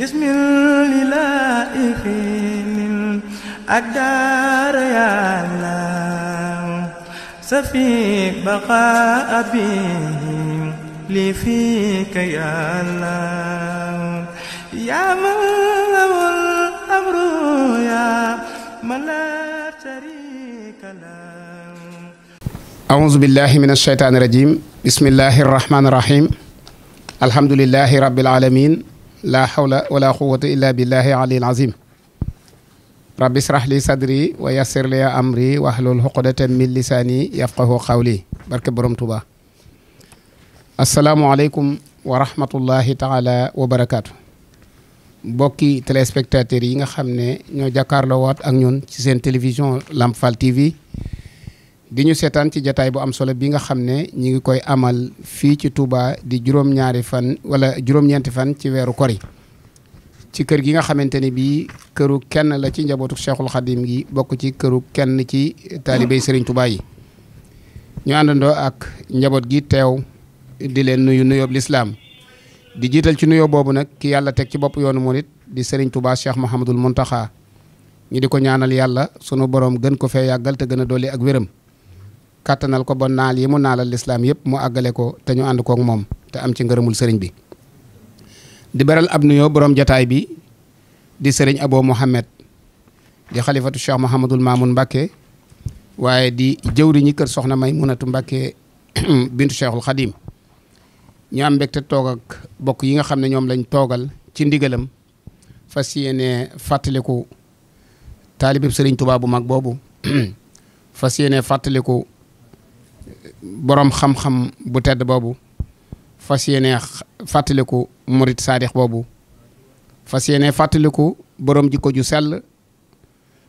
bismillaahi الدار يا الله سفي بقاء بهم لي فيك يا الله يا من له الأمر يا من لا شريك له أعوذ بالله من الشيطان الرجيم بسم الله الرحمن الرحيم الحمد لله رب العالمين laa hawla wala quwwata illa billahi aliyil azim rabbi israh li sadri wa yassir li amri wahlul uqdatan min lisani yafqahu qawli barke borom Tuuba asalaamualeykum wa rahmatullahi taala wa barakaatu mbokki yi nga xam ne ñoo jàkkaarloo waat ak ñun ci seen télévision Lamp Fall TV di ñu seetaan ci jataay bu am solo bi nga xam ne ñi ngi koy amal fii ci Touba di juróom-ñaari fan wala juróom-ñeenti fan ci weeru kori ci kër gi nga xamante ni bii këru kenn la ci njabootu Cheikhul Khadim gi bokk ci këru kenn ci taalibey sëriñ Touba yi ñu àndandoo ak njaboot gi teew di leen nuyu nuyoob lislaam di jiital ci nuyoo boobu nag ki yàlla teg ci bopp yoonu moo murit di sëriñ Serigne Touba Cheikh Mouhamadul Mountakha ñu di ko ñaanal yàlla sunu borom gën ko fee yàggal gën a dolli ak wéram kàttanal ko ba naal yi mu naalal lislaam yëpp mu àggale ko te ñu ànd kook moom te am ci ngërëmul sëriñ bi di beral ab nuyoo boroom jataay bi di sëriñ Abo Mouhamed di xalifatu Cheikh Mouhamadul Mamoun Mbakke waaye di jëwriñi kër soxna may munatu Mbakke bintu Cheikhul Khadim ñu am mbégte toog ak bokk yi nga xam ne ñoom lañ toogal ci ndigalam fas yéene fàttaliku taalibib sëriñ Tuubaa bu mag boobu fas yéene fàttaliku boroom xam-xam bu tedd boobu fas yéene fàttaliku murit saadix boobu fas yéene fàttaliku boroom jikko ju sell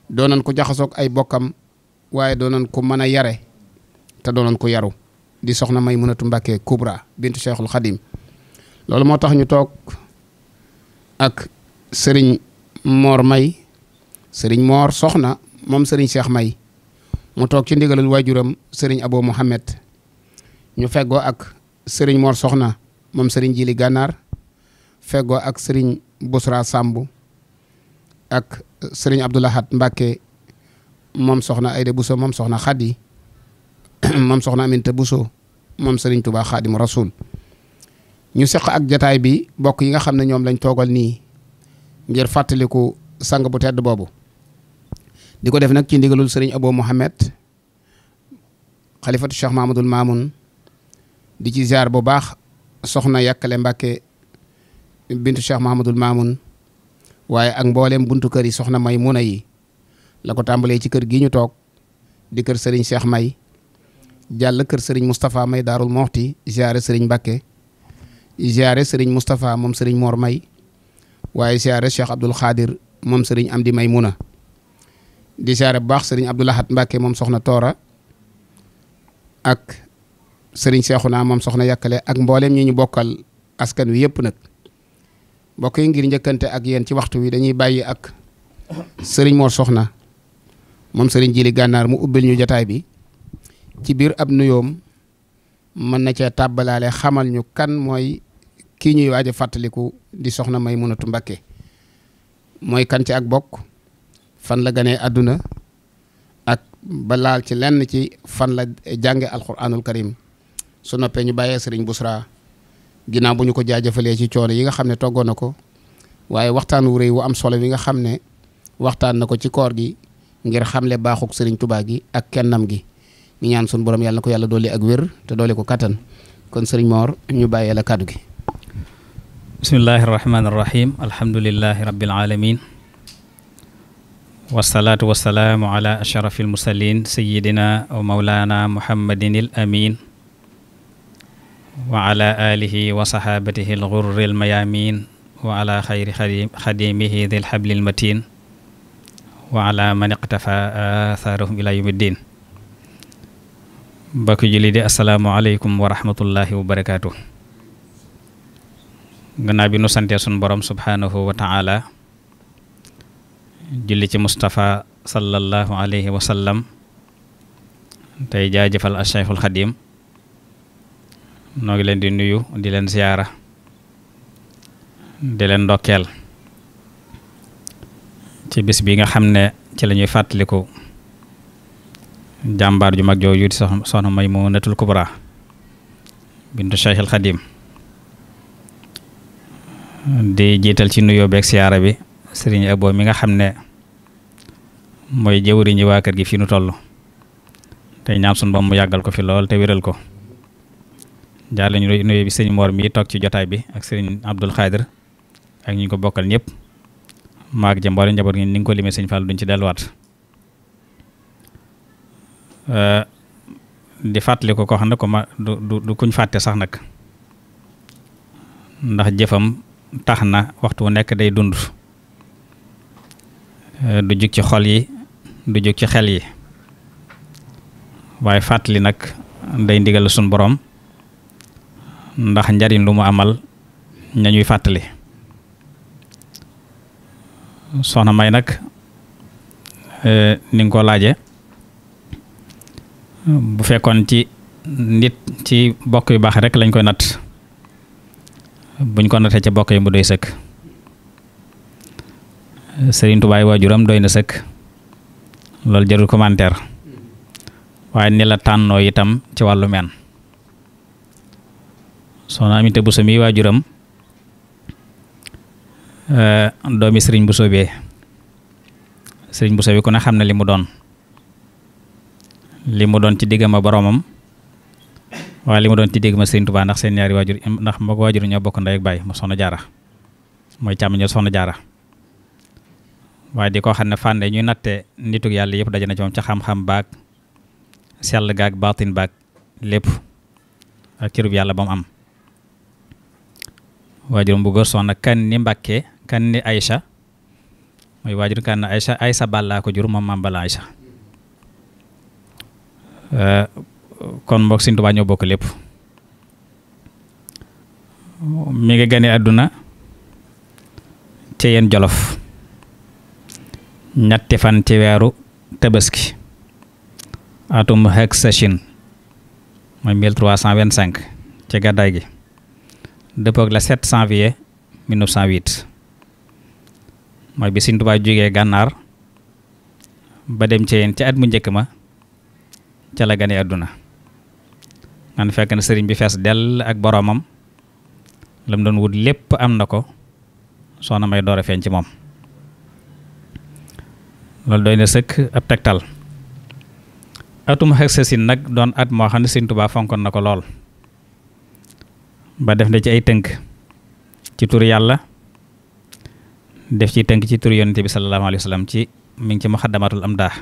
doonan ko jaxasoog ay bokkam waaye doonan ko mën a yare te doonan ko yaru di soxna may mënatu mbàkke kubra bintu cheikhul xadim loolu moo tax ñu toog ak sëriñ moor may sëriñ moor soxna moom sëriñ cheikh may mu toog ci ndigalul waajuram sëriñ Abo Mouhamed ñu feggoo ak sëriñ Mor Soxna moom sëriñ Jili Gànnaar feggoo ak sëriñ Busra Samb ak sëriñ Abdoulahat Mbacke moom soxna Ayda Bousso moom soxna Xadi moom soxna Aminta buso moom sëriñ Touba Xaadimu Rasul ñu seq ak jataay bi bokk yi nga xam ne ñoom lañ toogal nii ngir fàttaliku sang bu tedd boobu. di ko def nag ci ndigalul sëriñ Abo Mouhamed xalifatu Cheikh Mahmadul Mamoun di ci ziar bu baax soxna yàkkale Mbàkke bintu Cheikh Mahmadul Mamoun waaye ak mboolem buntu kër yi soxna may muna yi la ko tàmbalee ci kër gi ñu toog di kër sëriñ Cheikh May jàll kër sëriñ Moustapha May Daarul Moxti ziare sëriñ Mbàkke ziare sëriñ Moustapha moom sëriñ Mor May waaye ziare Cheikh Abdoul Khadir moom sëriñ Amdi May muna di siyaare bu baax sëriñ Abdou Lahad Mbacke moom soxna Toora ak sëriñ naa moom soxna Yàkkale ak mbooleem ñi ñu bokkal askan wi yëpp nag mbokk yi ngir njëkkante ak yéen ci waxtu wi dañuy bàyyi ak sëriñ Mor Soxna moom sëriñ Jili Gànnaar mu ubbil ñu jataay bi ci biir ab nuyoom mën na cee tàbbalaale xamal ñu kan mooy kii ñuy waaj fàttaliku di soxna Maymunatu Mbacke mooy kan ci ak bokk. fan la gane àdduna ak ba ci lenn ci fan la jànge alquranul karim su noppee ñu bàyyee sëriñ Busra ginnaaw bu ñu ko jaajëfalee ci coono yi nga xam ne toggoon na ko waaye waxtaan wu rëy wu am solo wi nga xam ne waxtaan na ko ci koor gi ngir xam le baaxuk sëriñ Tuubaa gi ak kennam gi ñu ñaan sun borom yàlla na ko yàlla doole ak wér te doole ko kattan kon sëriñ Mor ñu bàyyee la kàddu gi bismillahi alhamdulillahi rabbil alamin wasalaatu wasalaamu ala ashrafi almursalin sayidina wa maulana muhammadin il amin wa ala alihi wa sahaabatihi algurri almayamin wa ala xayri xadimihi di lxabli almatin wa ala man iqtafa athaarahum ila yawmi ddin mbokk julli di asalaamu aleykum wa rahmatullahi wa barakaatu gannaaw bi nu santee sun borom subhanahu wa taala julli ci Moustapha sallallahu alayhi wa sallam tey jaajëfal a Cheikhul Xadim noo ngi leen di nuyu di leen ziyaara di leen ndokkeel ci bis bi nga xam ne ci lañuy ñuy fàttaliku jàmbaar ju mag jooju di soxna Maymunatul Kubra bintu Cheikhul Xadim di jiital ci nuyoo beeg siyaara bi sëriñ Abo mi nga xam ne mooy jëwriñu waa kër gi fii nu toll tey ñaan sun bam mu yàggal ko fi lool te wéral ko jaarale ñu nuyu bi sëñ mboor mi toog ci jotaay bi ak sëriñ Abdul Xaadir ak ñu ko bokkal ñëpp maag ja njaboot ngi ni nga ko limee sëñ Fall duñ ci delluwaat di fàttali ko xam ne ko ma du du kuñ fàtte sax nag ndax jëfam tax na waxtu nekk day dund Eh, du jug ci xol yi du jug ci xel yi waaye fàttali nag day ndigal suñ boroom ndax njariñ lu mu amal ñañuy fàttali soxna may nag eh, ni nga ko laaje bu fekkoon ci nit ci bokk yu baax rek lañ koy natt buñ ko nattee ci bokk yi mu doy sëkk sëriñ tubaay waajuram doy na sëkk loolu jarul commentaire waaye ni la tànnoo itam ci wàllu meen soxna Aminte Bousso mi waajuram eh, doomi sëriñ Bousso bee sëriñ Bousso bi ku ne xam na li mu doon li doon ci diggam a boromam waaye li mu doon ci diggam a sëriñ Tuubaa ndax seen ñaari waajur ndax mbokk waajur ñoo bokk ndey ak baay mu soxna jaara mooy càmm ñoo soxna jaara waaye di xam ne fànn ñuy natte nitug yàlla yëpp daje na ci moom ca xam-xam baag sell gaag baatin baag lépp ak cërub yàlla ba mu am waajuram bu góor soxna kan ni Mbàkke kan mooy waajur kan na Aysa Balla ko jur moom maam Balla Aysa kon mbokk Sëñ ñoo bokk lépp mi ngi gane àdduna ci yeen Jolof ñetti fan ci weeru tabaski atum Haksashin mooy 1325 ci gàddaay gi dëppoog la 7 janvier 1908 mooy bi Sëñ jógee gànnaar ba dem ci yéen ci at mu njëkk ma ca la gane àdduna man fekk na sëriñ bi fees dell ak boroomam lam doon wut lépp am na ko soxna may door a feeñ ci moom loolu doy na sëkk ab tegtal atum xegsasin nag doon at moo xam ne Sëriñ Tuubaa fonkoon na ko lool ba def na ci ay tënk ci tur yàlla def ci tënk ci tur yonent bi sallallahu alayhi wa ci mi ngi ci muxaddamatul amdah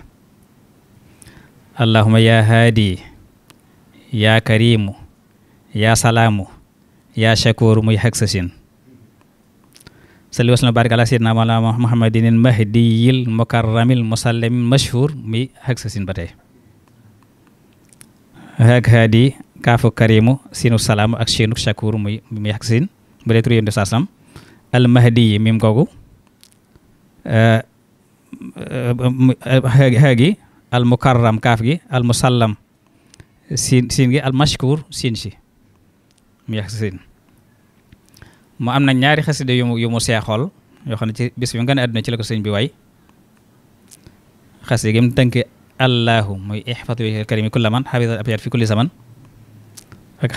allahuma yaa haadi yaa karimu yaa salaamu yaa shakooru muy xegsasin salli wasallam barik ala sayyidina mawlana muhammadinil mahdiyil mukarramil musallimil mashhur mi hak sin ba tey hak haadi karimu sinu salaam ak seenu shakur mi hak sin ba dee tur al mahdiyi mim googu eh, eh, eh, haagi al mukarram kaaf gi al musallam sin sin gi al mashkur sin si mi hak mu am na ñaari xasida yu mu yu seexool yoo xam ne ci bis bi nga ne àdduna ci la ko sëñ bi waay xasida gi mu tënk allahu muy ihfatu bi karimi kulla man xafisa abyaat fi kulli zaman ak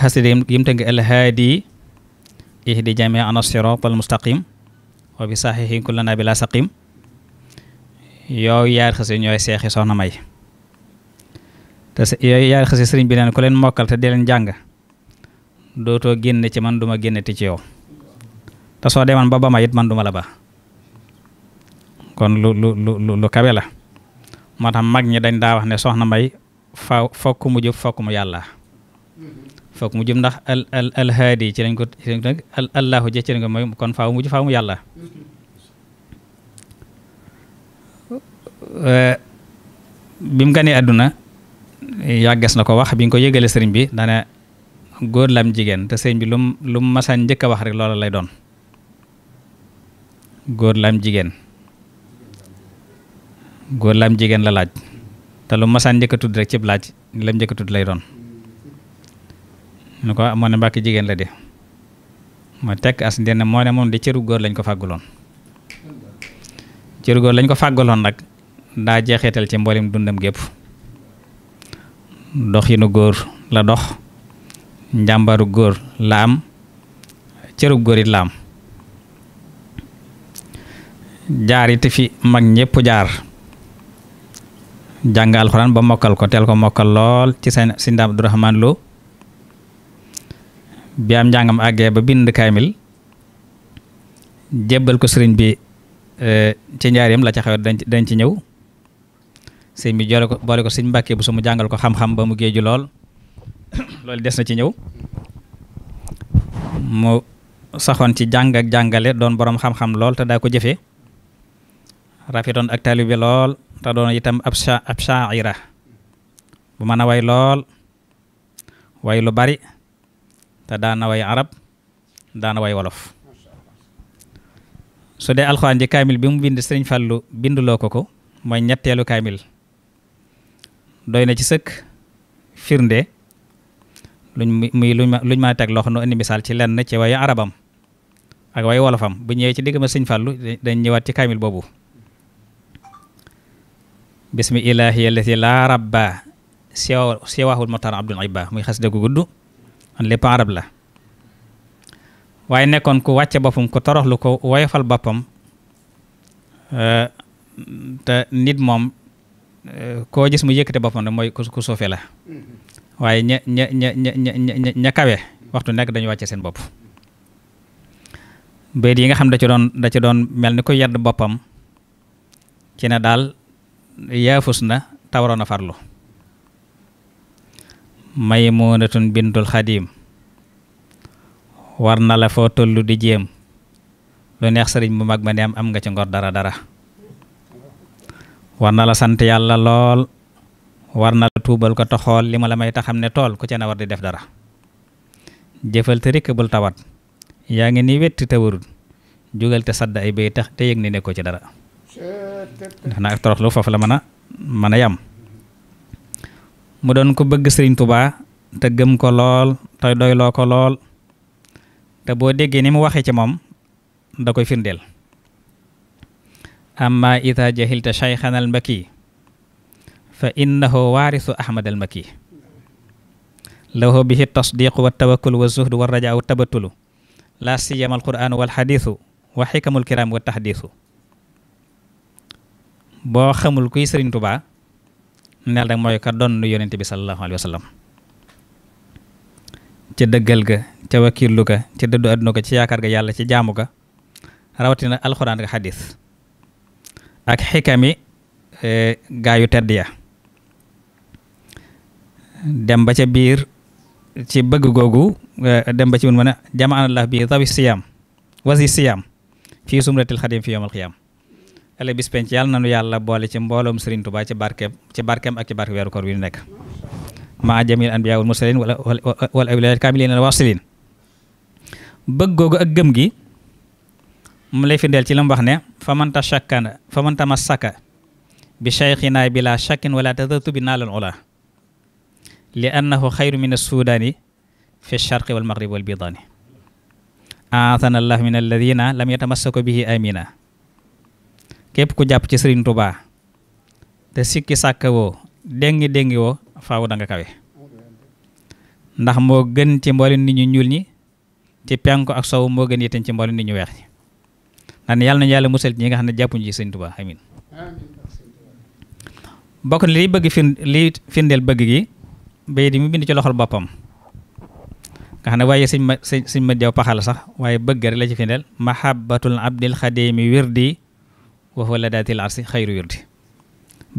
yi soxna may te yooyu yaar xasida sëriñ bi neen ku leen mokkal te di leen jàng dootoo génn ci man duma génnati ci te soo demoon ba ba ma it man du ma la ba kon lu lu lu lu kawe la moo tax mag ñi dañ daa wax ne soxna May fa fokk mu jub fokk mu yàlla fokk mu jub ndax al al alhaadi ci lañ ko ci lañ ko al allahu ci lañ ko mooy kon faaw mu jub faaw mu yàlla. Eh, bi mu ganee àdduna yàgges na ko wax bi nga ko yëgalee sëriñ bi dana góor lam jigéen te sëriñ bi lu mu lu mu masaan njëkk a wax rek loola lay doon. góor la am jigéen góor la am jigéen la laaj te lu masaan njëkk a rek cib laaj ni lam njëkk a lay doon ñu ko moo ne mbàkk jigéen la de ma tekk as ndenn moo ne moom di cëru góor lañ ko fàgguloon cëru góor lañ ko fàgguloon nag daa jeexeetal ci mboolem dundam gépp doxinu góor la dox njàmbaru góor la am cëru góor la am jaar it fi mag ñépp jaar jàng alxuraan ba mokkal ko teel ko mokkal lool ci seen si ndam loo bi am njàngam àggee ba bind kaamil jébbal ko sëriñ bi e, ci njaareem la ca xew dañ ci ñëw sëriñ bi joole ko boole ko sëriñ Mbàkke bu mu jàngal ko xam-xam ba mu géeju lool loolu des na ci ñëw mu saxoon ci jàng ak jàngale doon boroom xam-xam lool te daa ko jëfee rafetoon ak taalibe lool te doon itam ab sha ab shaira bu mën a way lool way lu bari te daana way arab daana way wolof su dee kaamil bi mu bind sëriñ Fàllu binduloo ko ko mooy ñetteelu kaamil doy na ci sëkk firnde luñ muy luñ ma luñ ma teg loxo nu indi misaal ci lenn ci wayu arabam ak wayu wolofam bu ñëwee ci digg ma sëñ Fàllu ñëwaat ci kaamil boobu bismi ilaahi allati laa rabba siwa siwahul motar abdul ibba muy xasida gu gudd man lépp arab la waaye nekkoon ku wàcce boppam ku toroxlu ko woyofal boppam eh, te nit moom eh, koo gis mu yëkkate boppam rek mooy ku la waaye ña ña waxtu nekk dañu wàcce seen bopp béykat yi nga xam da ci doon mel ni ko yedd boppam ci daal yaafus na te waroon a farlu maymuunatun bintul xadiim war na la foo toll di jéem lu neex sëriñ bu mag ba ne am am nga ci ngor dara dara war na la sant yàlla lool war na la tuubal ko toxool li ma la may ta xam ne tool ku ca na war di def dara jëfal te rikk bul tawat yaa ngi ni wetti te warul jugal sadd ay bay tax te yëg ni nekkoo ci dara ndax naa ak toroxlu foofu la mën a mën a yam mu doon ko bëgg sëriñ tubaa te gëm ko lool te doyloo ko lool te boo déggee ni mu waxee ci moom da koy firndeel amma ida jahilta shaykhan al makki fa innahu waarisu ahmad al makki lahu bihi tasdiqu wa tawakkul wa zuhd wa rajaa wa tabatulu la siyama al qur'an wal wa xikamul kiram wa tahdiisu boo xamul kuy sëriñ tubaa neel rek mooy ka donn yonent bi sallallahu alayhi wa sallam ca dëggal ga ca wakiilu ga ca dëddu àdduna ko ci yaakaar ga yàlla ci jaamu ga rawatina alxuraan ak xadis ak xikami e, gaa yu tedd ya dem ba ca biir ci bëgg googu e, dem ba ci mun mën a jama anallah bi tawi siyaam wasi siyaam fii sumratil xadim fi yawmal qiyaam ëllëg bis penc yàlla nanu yàlla boole ci mbooloom Serigne Touba ci barkeem ci barkeem ak ci barke weeru koor wi nekk maa jamil anbiya wal mursalin wala wala awliya kamilin al wasilin bëgg ak gëm mu lay firndeel ci la mu ne fa man tashakkana fa man tamassaka bi shaykhina bila shakkin wala tadatu bi naalal ula li annahu xayru min assudaani fi sharqi wal maghribi wal bidaani aatana allah min alladina lam yatamassaku bihi amina képp ku jàpp ci Serigne Touba te sikki sàkk woo déngi déngi woo faaw da nga kawe ndax moo gën ci mboolem nit ñu ñuul ñi ci penku ak sow moo gën yitteen ci mboolem nit ñu weex ñi ndax ne yàlla nañu yàlla musal ñi nga xam ne jàppuñu ci Serigne Touba amin bokk na liy bëgg fin liy firndeel bëgg gi bay di mu bind ci loxol boppam nga xam ne waaye sëñ ma sëñ ma jaw paxal sax waaye bëgg rek la ci firndeel mahabbatul abdil xadimi wirdi wa huwa ladaatil arsi xayru wirdi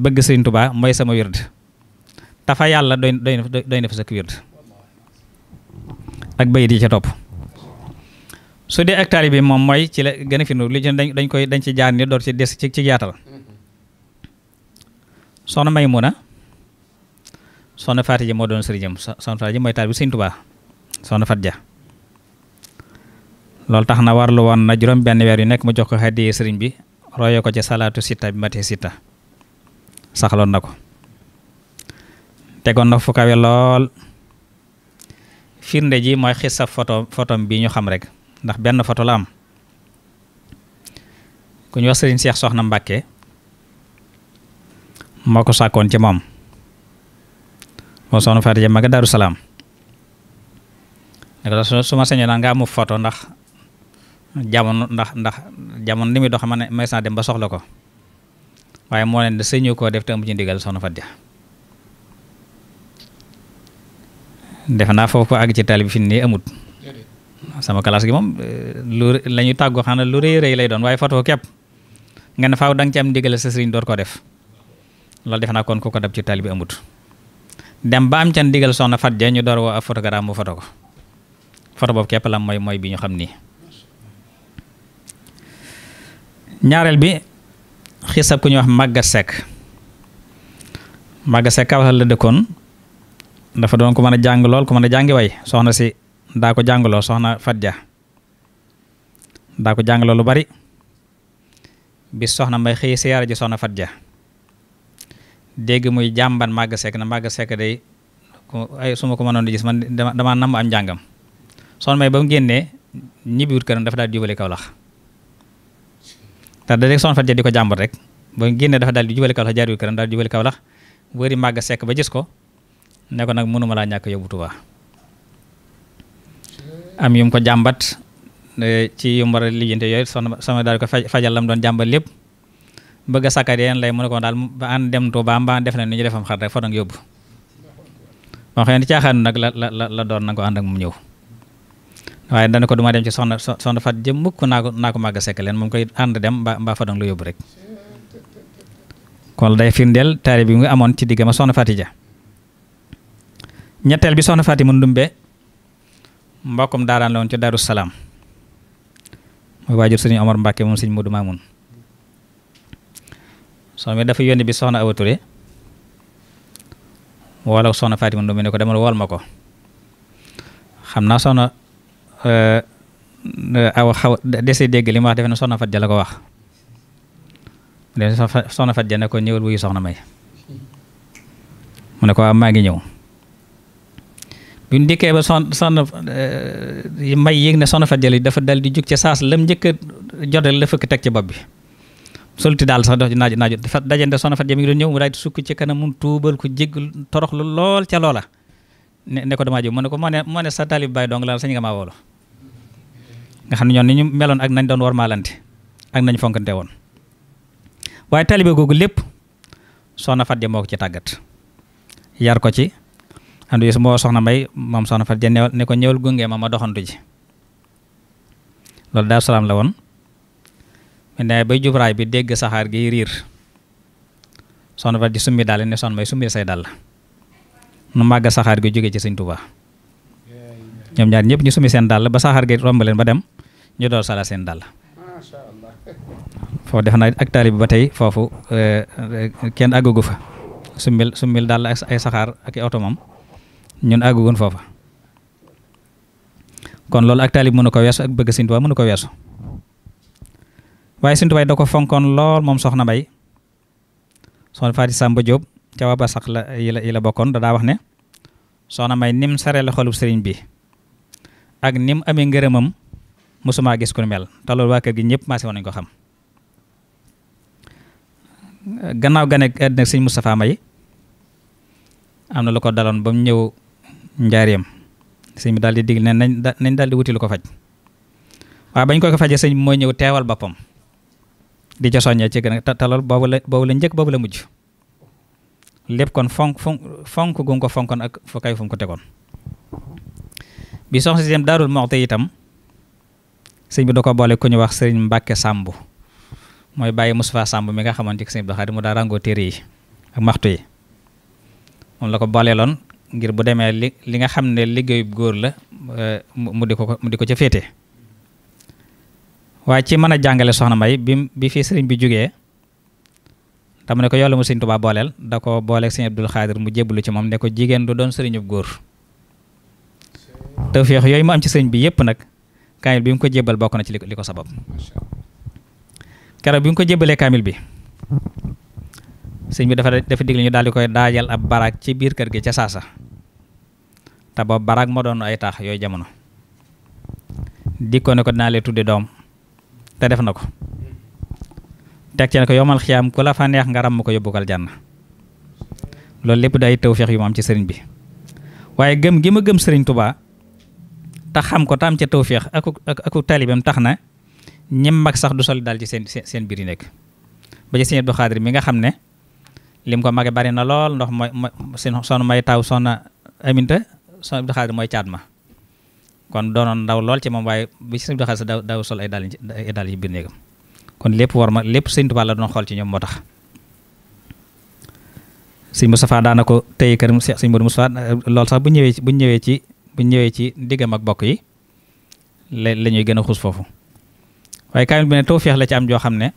bëgg sëriñ mooy sama wird dafa yàlla doy doy doy na fa sëkk wird ak bayit yi ca topp su dee hectare bi moom mooy ci la gën a firndu li ci dañ dañ koy dañ ci jaar ni door ci des ci ci may soxna Maymuna soxna Faati ji moo doon sëriñam soxna Faati ji mooy taal bi sëriñ tubaa soxna Faat ja loolu tax na warlu woon na juróom benn weer yu nekk mu jox ko xaddiyee sëriñ bi roye ko ci salaatu sitta bi mate sitta saxloon na ko tegoon na fu kawe lool firnde ji mooy xis sa photo photom bi ñu xam rek ndax benn foto la am ku ñu wax sëriñ Seex Soxna Mbàkke moo ko sakkoon ci moom moo soxna Faati ja ma nga Daaru Salaam su ma sañoon nag nga amu photo ndax jamono ndax ndax jamono ni muy dox ma ne may saa dem ba soxla ko waaye moo leen sëñu koo def te amu ci ndigal soxna Faty Dia def naa foofu ko ci taalibe fi nii amut sama classe gi moom eh, lu la ñuy tàggoo xanaa lu rëy rëy lay doon waaye foto képp nga ne faaw da nga ci am ndigal sa sëriñ door ko def loolu def naa kon ku ko dab ci taalibe amut dem ba am ca ndigal soxna Faty Dia ñu door woo ab photogramme mu foto ko foto boobu képp la moy mooy bi ñu xam nii ñaareel bi xiisab ku ñuy wax màgga sekk màgga sekk kawlax la dëkkoon dafa doon ko mën a jàng lool ko mën a jàngi way soxna si daa ko jàngaloo soxna ja daa ko jàngaloo lu bari bi soxna may xëy siyaara ji soxna ja dégg muy jàmban màgg sekk na màgg sekk day ay su ma ko mënoon di gis man damaa nam am njàngam soxna may ba mu génnee ñibbiwut këram dafa daal di jubali Kawlax ndax da rek soxna Fatou di ko jàmbat rek ba génne dafa daal di jubali Kaolack jaar yu këram daal di jubali Kaolack wëri màgg sekk ba gis ko ne nag mënuma laa ñàkk yóbbu Tuubaa am yum ko jàmbat ci yum war a lijjante yooyu soxna soxna daal ko fajal lam doon jàmbat lépp bëgg a sàkkat lay mu ne ko daal ba an dem Tuubaa mbaa def na ni ñu defam xar rek fa doon yóbbu moo xam ne caaxaan nag la la la doon na ko ànd ak mu ñëw waaye dana ko duma dem ci soxna soxna Fat jëm mukk naa ko naa ko màgg sekk leen moom koy ànd dem mbaa fa doon lu yóbbu rek kon day firndeel taari bi mu amoon ci digga ma soxna Fati ñetteel bi soxna Fati mu ndumbe mbokkum daaraan la woon ci Daaru Salaam mooy waajur sëriñ Omar Mbàkke moom sëriñ Modou Mamoun soo mi dafa yónni bi soxna Awa Touré wala soxna Fatima Ndoumbe ne ko demal wool ma ko xam naa soxna Euh, euh, aw xaw desee dégg li ma wax defe na soxna Fat la ko wax de soxna Fat Ja ne ko ñëwal wuyu soxna may mu ne ko waaw ah, maa ngi ñëw bi ñu dikkee ba son soxna euh, may yéeg ne soxna Fat Ja li dal di jug ca saas lam njëkk a jotal la fëkk teg ci bopp bi solti daal sax dox ci naaju dafa dajante soxna Fat Ja mi ngi doon ñëw mu daal sukk ci kanam mun tuubal ko jégg toroxlu lool ca loola ne ne ko damaa jóg mu ne ko moo ne moo ne sa taalib baay dong laal sañ nga maa woolu nga xam ne ñoom ni ñu meloon ak nañ doon war maalante ak nañ fonkante woon waaye taalibe googu lépp soxna Faty Dia moo ko ci tàggat yar ko ci xam nga moo soxna May moom soxna Faty Dia ne ko ñëwal gunge ma ma doxantu ji loolu daal salaam la woon mais nee bay bi dégg saxaar gi riir soxna Faty Dia summi daal ne soxna May summi say dàll nu màgg saxaar gi jóge ci Sëñ Tuubaa ñoom ñaar ñëpp ñu summi seen daal ba saxaar gi romb leen ba dem. ñu door sala seen dàll foofu def naa ak taalib ba tey foofu eh, kenn àggugu fa sumbil sumbil daal ak ay saxaar ak i oto moom ñun àggugun foofa kon loolu ak taalib mënu ko weesu ak bëgg Sëñ Tuubaa mënu ko weesu waaye Sëñ da ko fonkoon lool moom soxna Mbay soxna Faati Sàmba Jóob ca waa Basax la yi la bokkoon da wax ne soo na Mbay nim sare la xolub sëriñ bi ak nim amee ngërëmam mosumaa gis ku mel te waa kër gi ñëpp maase woon nañu ko xam gannaaw gane sëñ Moustapha May am na lu ko daloon ba ñëw njaareem sëñ bi daal di dig ne nañ nañ daal di wuti lu ko faj waaye bañ koy ko faje sëñ bi mooy ñëw teewal boppam di ca soññee ci gën a te loolu boobu la boobu la njëkk boobu la mujj lépp kon fonk fonk gu ko fonkoon ak fa kay fu ko tegoon bi soxna si dem daarul moxte itam sëñ bi da ko boole ku ñu wax sëriñ Mbacke Samb mooy bàyyi Moustapha Samb mi nga xamante ne sëñ Abdou Khadre mu daa ràngoo téere yi ak maxtu yi moom la ko booleeloon ngir bu demee li li nga xam ne liggéeyub góor la eh, mu di ko mu di ko ca féete waaye ci mën a jàngale soxna May bi bi fii sëriñ bi jógee dama ne ko yoola mu sëñ Tuubaa booleel da ko booleeg sëñ Abdou Khadre mu jébbalu ci moom ne ko jigéen du doon sëriñub góor tawfeex yooyu mu am ci sëriñ bi yëpp nag kaamil bi mu ko jébbal bokk na ci li ko sabab keroog bi mu ko jébbalee kaamil bi sëñ bi dafa dafa digle ñu daal di koy daajal ab baraag ci biir kër gi ca saasa te boobu baraag moo doon ay taax yooyu jamono dikkoon ko dinaa leen tudde doom te def na ko teg ci ne ko yomal xiyaam ku la fa neex nga ràmm ko yóbbukal jànn loolu lépp day feex yu ma ci sëriñ bi waaye gëm gi ma gëm sëriñ Tuubaa te xam ko tam ca tawféex ak ak ak taalibam tax na ñem mag sax du sol daal ci seen seen biir yi nekk ba ci sëñ Abdou Xaadir mi nga xam ne lim ko mage bari na lool ndox mooy seen son may taw sonna aminta son Abdou mooy caat ma kon doonoon ndaw lool ci moom waaye bi ci sëñ Abdou Xaadir daaw sol ay daal ay daal ci biir néegam kon lépp war ma lépp sëñ Tuubaa la doon xool ci ñoom moo tax sëñ Moustapha daana ko tey kër sëñ Modou Moustapha loolu sax bu ñëwee bu ñëwee ci bu ñëwee ci diggam ak bokk yi la la ñuy gën a xuus foofu waaye kaamil bi ne tawféex la ci am joo xam ne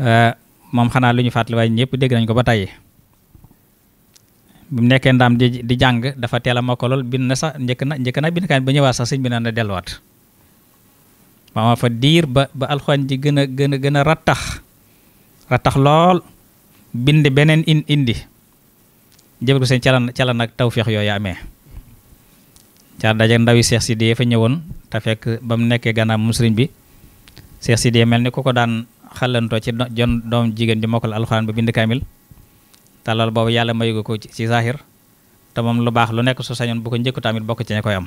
euh, moom xanaa lu ñu fàttali waaye ñëpp dégg nañ ko ba tàyyi bi mu nekkee ndaam di di jàng dafa teel a mokk lool bind na sax njëkk na njëkk na bind kaamil ba ñëwaat sax sëñ bi naan na delluwaat ma fa diir ba ba alxuraan ji gën a gën a gën a rattax rattax lool bind beneen in indi jëbal ko seen calan calan ak tawféex yooyu amee ca daje ndawi Cheikh Sidiye fa ñëwoon te fekk ba mu nekkee gànnaam mu bi Cheikh Sidiye mel ni ku ko daan xàllantoo ci jon doom jigéen di mokkal alxuraan ba bind kaamil te loolu boobu yàlla mayu ko ci saaxir te moom lu baax lu nekk su sañoon bu ko njëkku tamit bokk ci ña koy am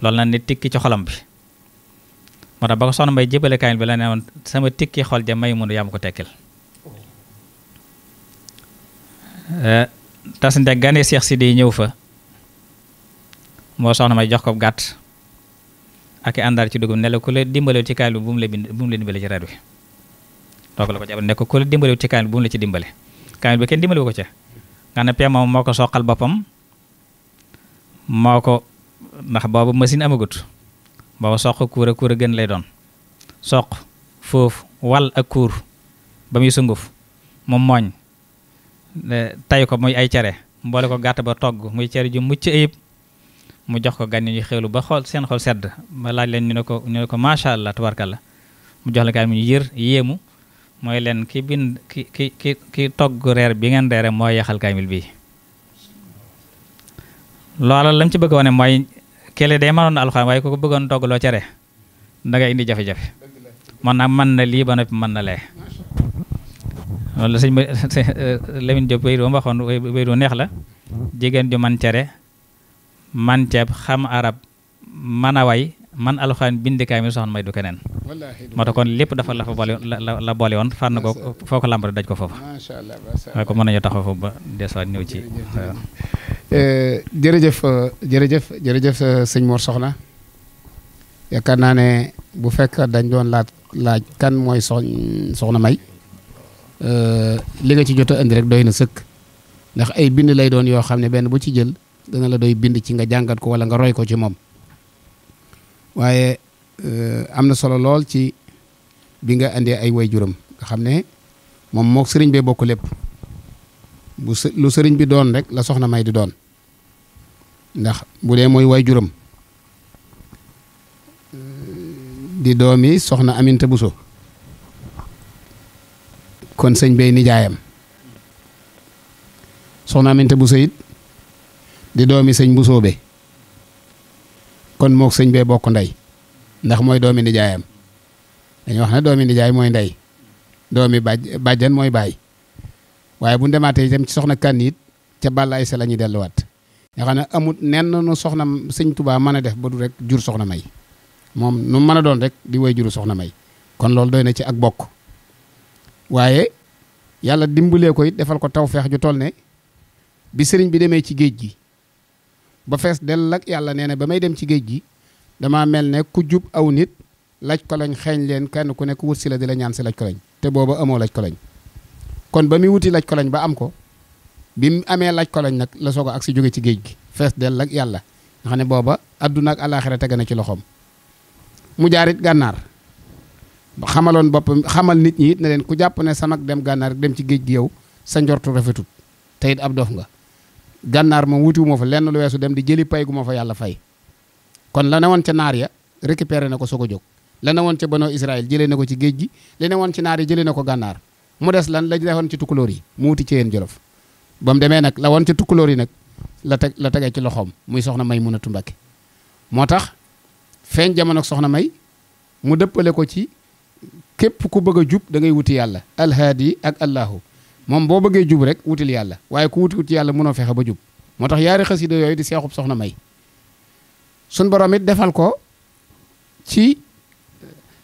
loolu na nit tikki ci xolam bi moo tax ba ko soxna may jébale kaamil bi la ne woon sama tikki xol ja may mënu yam ko tekkil eh, tas nde gane Cheikh Sidiye ñëw fa moo soxna may jox ko gàtt ak i àndaar ci dugub ne la ku la dimbalewul ci kaamil bu mu la bind bu mu la dimbale ci reer wi toog la ci ab ne ko ku la dimbalewul ci kaamil bu mu la ci dimbale kaamil ba kenn dimbalewu ko ca nga ne pem ko ndax boobu machine amagut boobu soq kuur ak a gën lay doon soq foofu kuur ba muy sunguf mu mooñ tay ko muy ay cere mboole ko gàtt ba togg muy cere ju mucc ayib mu jox ko gan yi xewlu ba xool seen xol sedd ba laaj leen ñu ne ko ñu ne ko macha allah tabarkalla mu jox la kaay mu yéemu mooy leen ki bind ki ki ki ki togg reer bi ngeen reere mooy yaxal kaamil bi loola lam ci bëgg wane mooy kele day mënoon alxuraan waaye ku ko bëggoon togg loo cere da indi jafe-jafe man nag mën na lii ba noppi mën na lee loolu sëñ euh, Lamine Diop wéyru ba waxoon neex la jigéen ju man cere man ceeb xam arab man a way man alxuraan bindikaay mi soxna may du keneen moo tax kon lépp dafa la fa boole la la boole woon fànn ko foo ko làmbatu daj ko foofu waaye ko mën nañu fa foofu ba desaat ñëw ci jërëjëf eh, eh, jërëjëf jërëjëf eh, sëñ Mor Soxna yaakaar naa ne bu fekk dañ doon laaj laaj kan mooy soxna may li nga ci jot a rek doy na sëkk ndax ay bind lay doon yoo xam ne benn bu ci jël dana la doy bind ci nga jàngat ko wala nga roy ko ci moom waaye euh, am na solo lool ci bi nga indee ay way waajuram nga xam ne moom mook sëriñ bee bokk lépp bu lu sëriñ bi doon rek la soxna may di doon ndax bu dee mooy waajuram di doomi soxna Aminta Buso kon sëñ bee nijaayam soxna Aminta Buso it di doomi sëñ be kon mook sëñ bee bokk ndey ndax mooy doomi nijaayam dañuy wax ne doomi nijaay mooy ndey doomi bàj bàjjan mooy baay waaye bu ñu demaatee itam ci soxna kan ca Balla Aysa la ñuy delluwaat nga xam ne amut nenn nu soxna sëñ Tuubaa mën a def ba du rek jur soxna may moom nu mën a doon rek di way juru soxna may kon loolu doy na ci ak bokk waaye yàlla dimbalee ko it defal ko taw feex ju toll ne bi sëriñ bi demee ci géej gi ba fees dell ak yàlla nee na ba may dem ci géej gi damaa mel ne ku jub aw nit laj ko lañ xeeñ leen kenn ku nekk wut si la di la ñaan si laj ko te booba amoo laj ko lañ kon ba muy wuti laj ko ba am ko bi mu amee laj ko nag la soo ko ak si jóge ci géej gi fees dell ak yàlla nga xam ne booba adduna ak àllaaxira tege na ci loxoom mu jaarit gànnaar xamaloon bopp xamal nit ñi it ne leen ku jàpp ne samak dem gànnaar dem ci géej gi yow sa njortu rafetut te it ab dof nga gànnaar moom wutiwuma fa lenn lu weesu dem di jëli pay gu ma fa yàlla fay kon la ne woon ca naar ya récupéré na ko soog a jóg la ne woon ca bano Israël jëlee na ko ci géej gi li ne woon ci naar yi jëlee ko gànnaar mu des lan la defoon ci tukkulóor yi mu wuti ceyen yéen jolof ba mu demee nag la won ca tukkulóor yi nag la teg la tegee ci loxoom muy soxna may Munatu Mbakke moo tax feeñ jamono soxna may mu dëppale ko ci képp ku bëgg a jub da ngay wuti yàlla alhaadi ak allahu moom boo bëggee jub rek wutil yàlla waaye ku wuti wut yàlla mënoo fexe ba jub moo tax yaari xasida yooyu di seexub soxna may sun borom it defal ko ci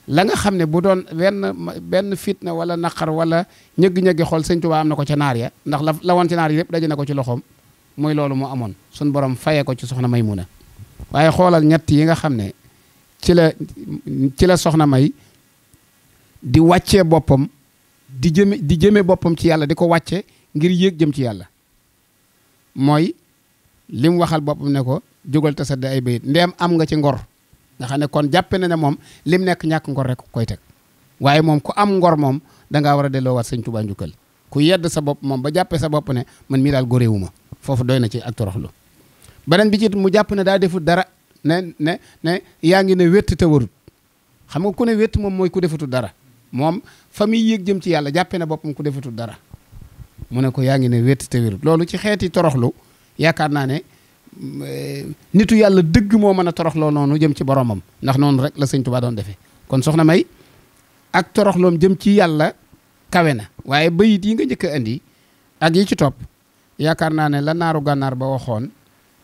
la nga xam ne bu doon benn benn na wala naqar wala ñëgg-ñëggi xool sëñ Tuubaa am na ko ca naar ya ndax la la woon ci naar yi lépp daje na ko ci loxoom mooy loolu moo amoon suñ borom faye ko ci soxna may mun a waaye xoolal ñett yi nga xam ne ci la ci la soxna may di wàccee boppam di jëme di jëme boppam ci yàlla di ko wàcce ngir yéeg jëm ci yàlla mooy li mu waxal boppam ne ko jógal te sadd ay bayit ndeem am nga ci ngor nga xam ne kon jàppe na ne moom lim nekk ñàkk ngor rek koy teg waaye moom ku am ngor moom dangaa war a delloowaat sëñ Tuubaa njukkal ku yedd sa bopp moom ba jàppe sa bopp ne man mii daal góoreewu ma foofu doy na ci ak toroxlu beneen bi ci mu jàpp ne daa defut dara ne ne ne yaa ngi ne wétt te warut xam nga ku ne wétt moom mooy ku defutu dara moom famille muy yéeg jëm ci yàlla jàppe na boppam ku defatul dara mu ne ko yaa ngi ne wétt wérut loolu ci xeeti toroxlu yaakaar naa ne eh, nitu yàlla dëgg moo mën a toroxloo noonu jëm ci boromam ndax noonu rek la sëñ Tuubaa doon defee kon soxna May ak toroxloom jëm ci yàlla kawe na waaye bayit yi nga njëkk a indi ak yi ci topp yaakaar naa ne la naaru gànnaar ba waxoon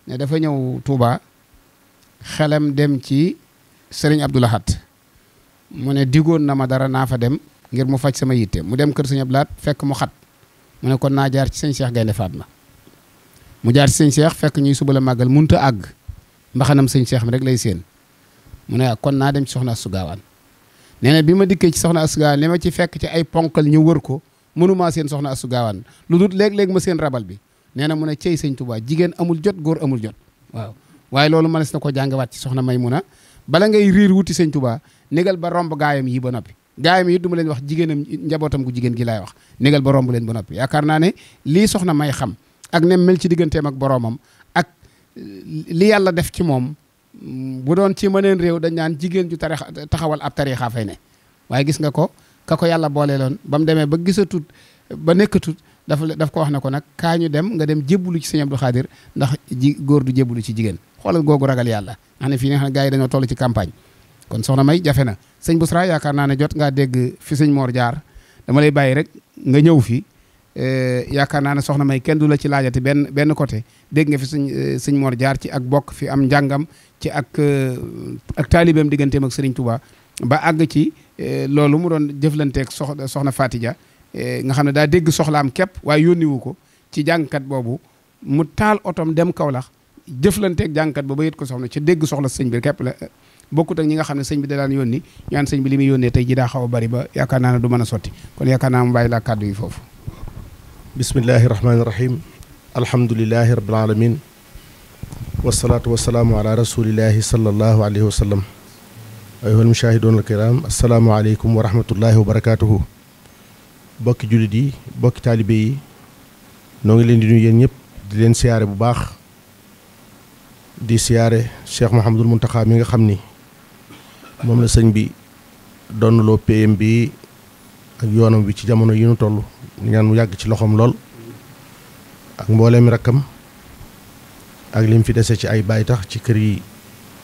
ne dafa ñëw Touba xelam dem ci Serigne Abdoul Ahad mu ne diggoon na ma dara naa fa dem ngir mu faj sama yitte mu dem kër sëñ Abdou Lahad fekk mu xat mu ne kon naa jaar ci sëñ Cheikh Gaynde Fatma mu jaar ci sëñ Cheikh fekk ñuy suba la màggal munta àgg mbaxanam sëñ Cheikh mi rek lay séen mu ne kon naa dem ci soxna Astou Gawane nee bi ma dikkee ci soxna Astou li ma ci fekk ci ay ponkal ñu wër ko mënumaa seen soxna Astou Gawane lu dul léeg-léeg ma seen rabal bi nee na mu ne cey sëñ Touba jigéen amul jot góor amul jot waaw waaye loolu mënees na ko jàngewaat ci soxna Maymuna bala ngay riir wuti sëñ tubaa négal ba romb gaayam yi ba noppi gaayam yi du ma leen wax jigéenam njabootam gu jigéen gi laay wax négal ba romb leen ba noppi yaakaar naa ne lii soxna may xam ak nem mel ci digganteem ak boroomam ak eh, li yàlla def ci moom mm, bu doon ci mëneen réew dañ naan jigéen ju tarix taxawal ab tarixa fay ne waaye gis nga ko ka ko yàlla booleeloon ba mu demee ba gisatut ba nekkatut daf daf ko wax ne ko nag kaa ñu dem nga dem jébbalu ci sëñ Abdou Khadir ndax ji góor du jébbalu ci jigéen xoolal googu ragal yàlla nga xam ne fii nga xam dañoo toll ci campagne kon soxna may jafe na sëñ Bousra yaakaar naa ne jot ngaa dégg fi sëñ Mor jaar dama lay bàyyi rek nga ñëw fi eh, yaakaar naa ne soxna may kenn du la ci laajati benn benn côté dégg nga fi sëñ eh, sëñ Mor jaar ci ak bokk fi am njàngam ci ak eh, ak taalibeem digganteem ak Serigne Touba ba àgg ci loolu mu doon jëflanteeg soxna soxna Fatidia nga xam ne daa dégg soxlaam képp waaye yónniwu ko ci jàngkat boobu mu taal otom dem Kaolack jëflanteeg jàngkat boobu yët ko soxna ci dégg soxla sëñ bi képp la. bokkut ak ñi nga xam ne señ bi da daan yónni ñaan sëñ bi li muy yónnee tey ji daa xaw bari ba yaakaar naa du man a sotti kon yaakaar naa mu bàyyi laa kàddu yi foofu bismillahi rahmaani rahim alhamdulilahi rabbil alamin wasalaatu wasalaamu ala rasulillahi sallallahu alayhi wa sallam ayyuhal mushahidoon alkiram asalaamu aleykum wa rahmatullahi wa barakatuhu bokki jullit yi bokki taalibe yi noo ngi leen di nuyu yéen ñëpp di leen siyaare bu baax di siyaare Cheikh Mouhamadul Mountakha mi nga xam ni moom la sëñ bi donnaloo PM bi ak yoonam bi ci jamono yi ñu toll ñaan mu yàgg ci loxoom lool ak mbooleem rakkam ak lim fi dese ci ay baay tax ci kër yi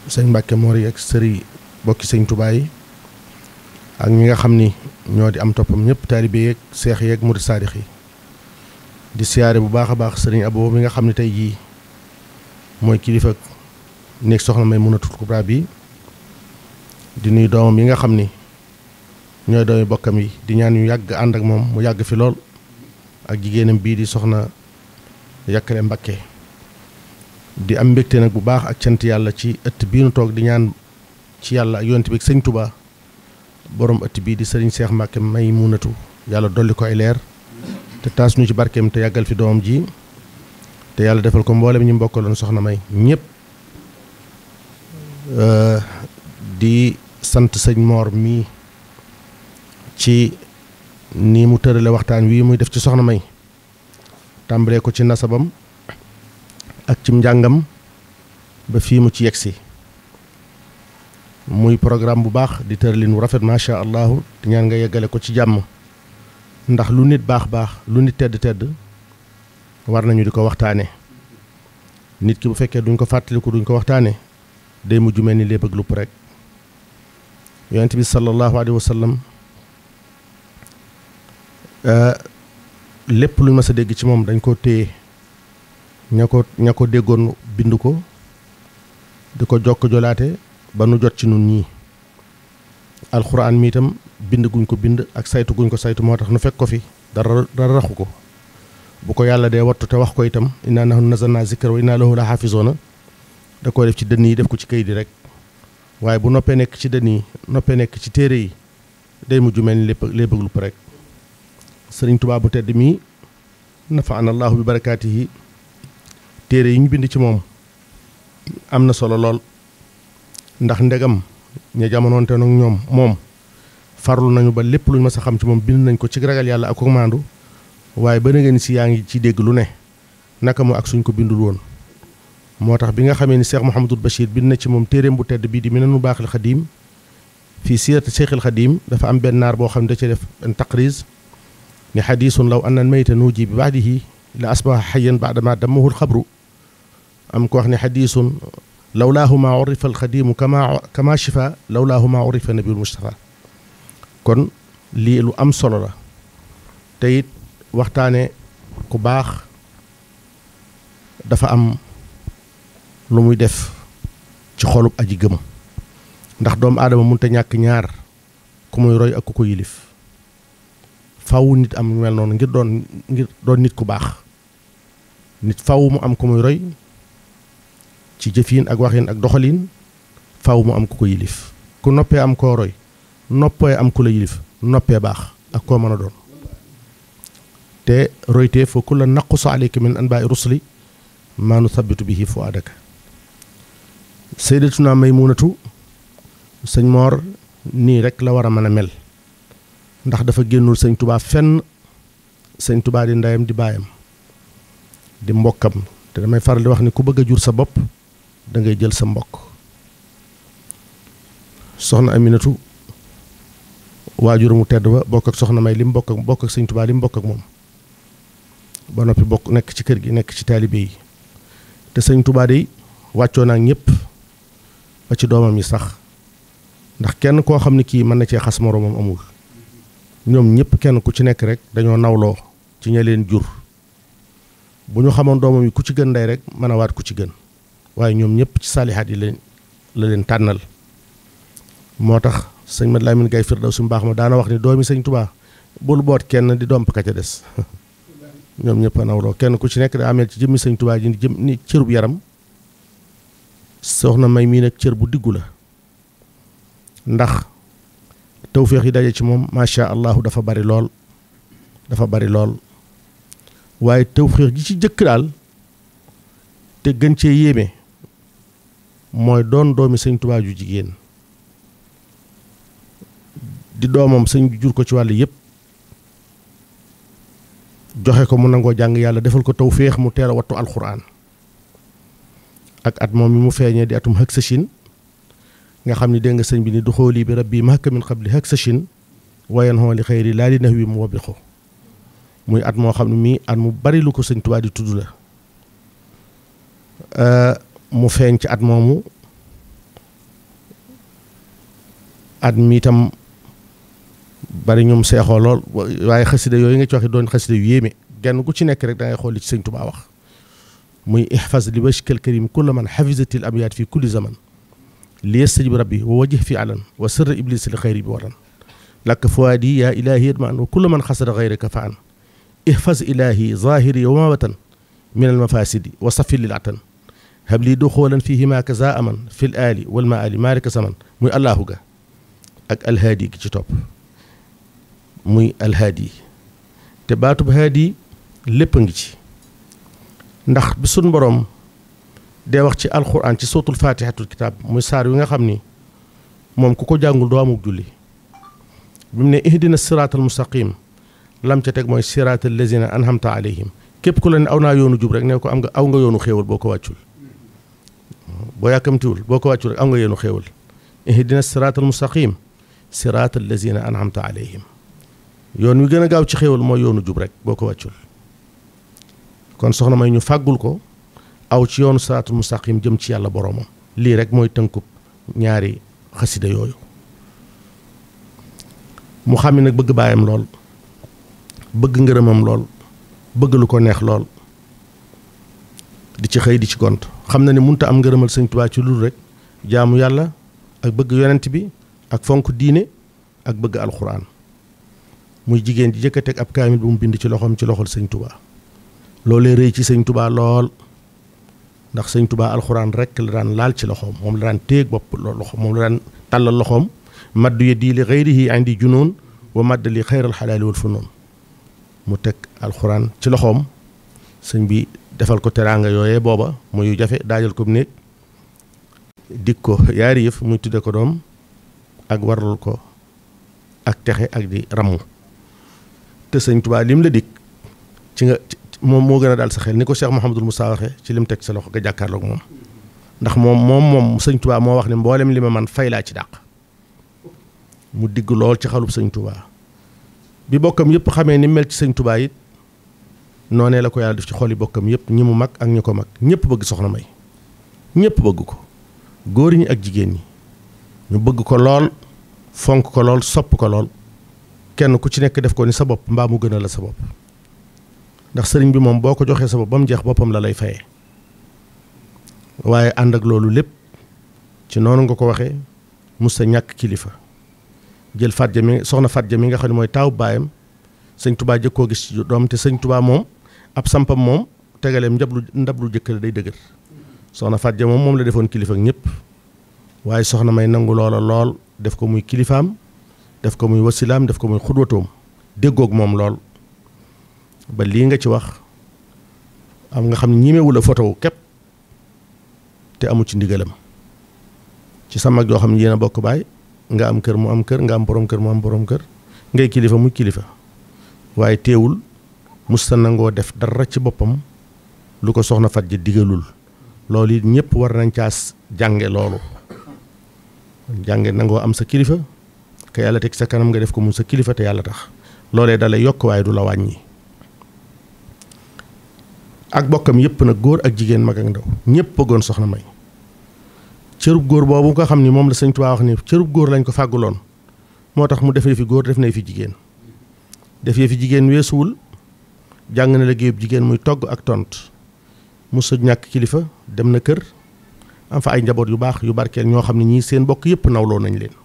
sëñ Mbàkke Moor yi ak sëri bokki sëñ tubaay ak ñi nga xam ni ñoo di am toppam ñëpp taalibe yeeg seex yeeg murid saadix yi di siyaare bu baax a baax sëriñ Abo bi nga xam ne tey jii mooy kilifa néeg soxna May Munatul kubaab bi di nuyu doomam yi nga xam ni ñooy doomi bokkam yi di ñaan yu yàgg ànd ak moom mu yàgg fi lool ak jigéenam bii di soxna Yakkale Mbakke di am mbégte nag bu baax ak cant yàlla ci ëtt bii nu toog di ñaan ci yàlla ak yonent bi ak sëñ Tuubaa borom ëtt bii di sëriñ Seex Mbakke may munatu yàlla dolli ko ay leer te taas ñu ci barkeem te yàggal fi doomam ji te yàlla defal ko mboolem ñi mbokkaloon soxna may ñëpp euh, di sant sëñ Mor mii ci nii mu tërale waxtaan wi muy def ci soxna May tàmbalee ko ci nasabam ak ci njàngam ba fii mu ci yegsi muy programme bu baax di tëralin wu rafet macha allah te ñaan nga yeggale ko ci jàmm ndax lu nit baax baax lu nit tedd tedd war nañu di ko waxtaane nit ki bu fekkee duñ ko fàttaliku duñ ko waxtaane day mujj mel ni lépp ak lupp rek. yonent bi sallallahu alayhi wa sallam euh, lépp lu ma sa dégg ci moom dañ ko téye ña ko ña ko déggoon bind ko di ko jokk jolaate ba nu jot ci nun ñii alxuraan mi itam bind guñ ko bind ak saytu guñ ko saytu moo tax nu fekk ko fi dara dara raxu ko bu ko yàlla dee wattu te wax ko itam inna nahnu nazalna zikra wa inna lahu la xaafisoona da koo def ci dënn yi def ko ci kayit yi rek waaye bu noppee nekk ci dënn yi noppee nekk ci téere yi day mujj mel ni lépp lépp lupp rek sëriñ Tuubaa bu tedd mii nafaana allahu bi yi téere yi ñu bind ci moom am na solo lool ndax ndegam ña jamonoonte nag ñoom moom farlu nañu ba lépp lu mës a xam ci moom bind nañ ko ci ragal yàlla ak ko maandu waaye ba na si yaa ngi ci dégg lu ne naka mu ak suñ ko bindul woon moo tax bi nga xamee ni Cheikh Mouhamadul Bachir bind na ci moom téeréem bu tedd bii di Minanul Baaxil Xadim fii siirati Cheikhil Xadim dafa am benn naar boo xam ne da cee def benn taqriz ni xadisun law annan mayta nuuji bi ba'dihi la asbaha xayan baadama dammahul xabru am ko wax ne xadisun lawlaahuma urifa alxadimu kama kama shifa lawlaahuma urifa nabiul mustafa kon lii lu am solo la te waxtaane ku baax dafa am lu muy def ci xolub aji gëm ndax doomu aadama mënut a ñàkk ñaar ku muy roy ak ku ko yilif faaw nit am mel noonu ngir doon ngir doon nit ku baax nit faaw mu am ku muy roy ci jëfin ak waxin ak doxalin faaw mu am ku ko yilif ku noppee am koo roy noppee am ku la yilif noppee baax ak koo mën a doon te roytee fa kulla naqus aleyka min anbaai rusli maa bi sabitu bihi fuadaka sayyidatuna Maymunatu sëñ Moor nii rek la war a mën a mel ndax dafa génnul sëñ Tubaa fenn sëñ Tubaa di ndeyam di baayam di mbokkam te damay faral di wax ni ku bëgg a jur sa bopp da ngay jël sa mbokk soxna Aminatu waajur mu tedd ba bokk soxna May li mu bokk ak bokk ak sëñ Tubaa li mu ak moom ba noppi bokk nekk ci kër gi nekk ci taalibe yi te sëñ Tubaa day wàccoo naa ñëpp. ba ci doomam yi sax ndax kenn koo xam ne kii mën na cee xas moroomam amul ñoom ñëpp kenn ku ci nekk rek dañoo nawloo ci ña leen jur bu ñu xamoon doomam yi ku ci gën ndey rek mën a waat ku ci gën waaye ñoom ñëpp ci saalihaat yi leen la leen tànnal moo tax sëñ Mat Lamin Gay Firdaws su baax ma daana wax ni doomi sëñ Tubaa bul boot kenn di domp ka ca des ñoom ñëpp a nawloo kenn ku ci nekk da ameel ci jëmmi sëñ Tubaa ji jëm ni cërub yaram na may mii nag cër bu diggu la ndax tawféex yi daje ci moom macha allahu dafa bari lool dafa bari lool waaye tawféex gi ci jëkk daal te gën cee yéeme mooy doon doomi sëñ Tuubaa ju jigéen di doomam sëñ bi jur ko ci wàll yëpp joxe ko mu nangoo jàng yàlla defal ko tawféex mu teel a wattu alxuraan ak at moom mi mu feeñee di atum haksashin nga xam ni dégg sëñ bi ni du xooli bi rabbi mahka min qabli haksashin wayan xool li xëyri laa li nax wi mu wobbi ko muy at moo xam ne mii at mu bari lu ko sëñ Tuubaa di tudd la mu feeñ ci at moomu at mi itam bari ñoom seexoo lool waaye xasida yooyu nga ci waxi doon xasida yu yéeme genn ku ci nekk rek da ngay ci sëñ Tuubaa wax muy ihfaz li wajhikal karim kulla man xafizatil abyaat fi kulli zaman li yastajib rabbi wa wajih fi alan wa sirra iblis li xayri bi waran lakk fuwaadi yaa ilaahi idmaan wa kulla man xasada xayraka fa an ihfaz ilaahi zahiri wa ma watan min al mafasidi wa safi lil atan hab lii duxoolan fiihi maa ka zaa aman fil aali wal maali maalika saman muy allahu ga ak alhaadi gi ci topp muy alhaadi te baatub haadi lépp a ngi ci ndax bi suñ boroom wax ci alxuraan ci sootul faatihatul kitaab muy saar wi nga xam ni moom ku ko jàngul doo amuk julli bi mu ne ihdina siraatal mustaqim lam ca teg mooy siraatal lazina anhamta alayhim képp ku la ne aw naa yoonu jub rek ne ko am nga aw nga yoonu xéewal boo ko wàccul boo yàkkamtiwul boo ko wàccul rek aw nga yoonu xéewal ihdina siraatal mustaqim siraatal lazina anhamta alayhim yoon wi gën a gaaw ci xéewal mooy yoonu jub rek boo ko wàccul kon soxna may ñu fàggul ko aw ci yoonu mu saraatul mustaqim jëm ci yàlla boroomam lii rek mooy tënkub ñaari xasida yooyu mu xam ne nag bëgg baayam lool bëgg ngërëmam lool bëgg lu ko neex lool di ci xëy di ci gont xam na ne munta am ngërëmal sëñ Tuubaa ci lul rek jaamu yàlla ak bëgg yonent bi ak fonk diine ak bëgg alxuraan muy jigéen ji jëkk a teg ab kaamil bu mu bind ci loxoom ci loxol sëñ Tuubaa loolee rëy ci sëñ tubaa lool ndax sëñ tubaa alxuraan rek la daan laal ci loxoom moom la daan téeg bopp loxo moom la daan tàllal loxoom maddu ya dii li xayrihi indi junoon wa madd li xayral xalaali wal funoon mu teg alxuraan ci loxoom sëñ bi defal ko teraanga yooyee booba muy jafe daajal ko néeg dig ko yaari yëf muy tudde ko doom ak warlul ko ak texe ak di ramu te sëñ tubaa lim la dig moom moo gën a daal sa xel ni ko Cheikh Mouhamadul Moussa waxee ci lim teg sa loxo nga jàkkaarloog moom ndax moom moom moom sëñ Touba moo wax ne mboolem li ma man fay laa ci dàq mu digg lool ci xalub sëñ Touba bi bokkam yëpp xamee ni mel ci sëñ Touba it noonee la ko yàlla def ci xol yi bokkam yëpp ñi mu mag ak ñi ko mag ñëpp bëgg soxna May ñëpp bëgg ko góor ñi ak jigéen ñi ñu bëgg ko lool fonk ko lool sopp ko lool kenn ku ci nekk def ko ni sa bopp mbaa mu gënal la sa bopp. ndax sëriñ bi moom boo ko joxee sa bopp ba mu jeex boppam la lay fayee waaye ànd ak loolu lépp ci noonu nga ko waxee musta ñàkk kilifa jël Faat Ja mi soxna Faat Ja mi nga xam ne mooy taaw baayam sëñ tubaa jëkkoo gis ci doom te sëñ tubaa moom ab sampam moom tegaleem njablu ndablu jëkkër day dëgër soxna Faat Ja moom moom la defoon kilifa ak ñëpp waaye soxna may nangu loola lool def ko muy kilifaam def ko muy wasilaam def ko muy xudwatoom déggook moom lool ba lii nga ci wax am nga xam ne la photo képp te amu ci ndigalam ci sa mag yoo xam ne yéen bokk baay nga am kër mu am kër nga am boroom kër mu am boroom kër ngay kilifa muy kilifa waaye teewul sa nangoo def dara ci boppam lu ko soxna faj ji digalul loolu it ñëpp war nañ caas jànge loolu jànge nangoo am sa kilifa ka yàlla teg sa kanam nga def ko mu sa kilifa te yàlla tax loolee dalay yokk waaye du la wàññi ak bokkam yëpp na góor ak jigéen mag ak ndaw ñëpp bëggoon soxna may cërub góor boobu nga xam ni moom la sëñ Tuubaa wax ni cërub góor lañ ko fàgguloon moo tax mu defee fi góor def na fi jigéen def defee fi jigéen weesuwul jàng na liggéeyub jigéen muy togg ak tont musa ñàkk kilifa dem na kër am fa ay njaboot yu baax yu barkeel ñoo xam ne ñii seen bokk yëpp nawloo nañu leen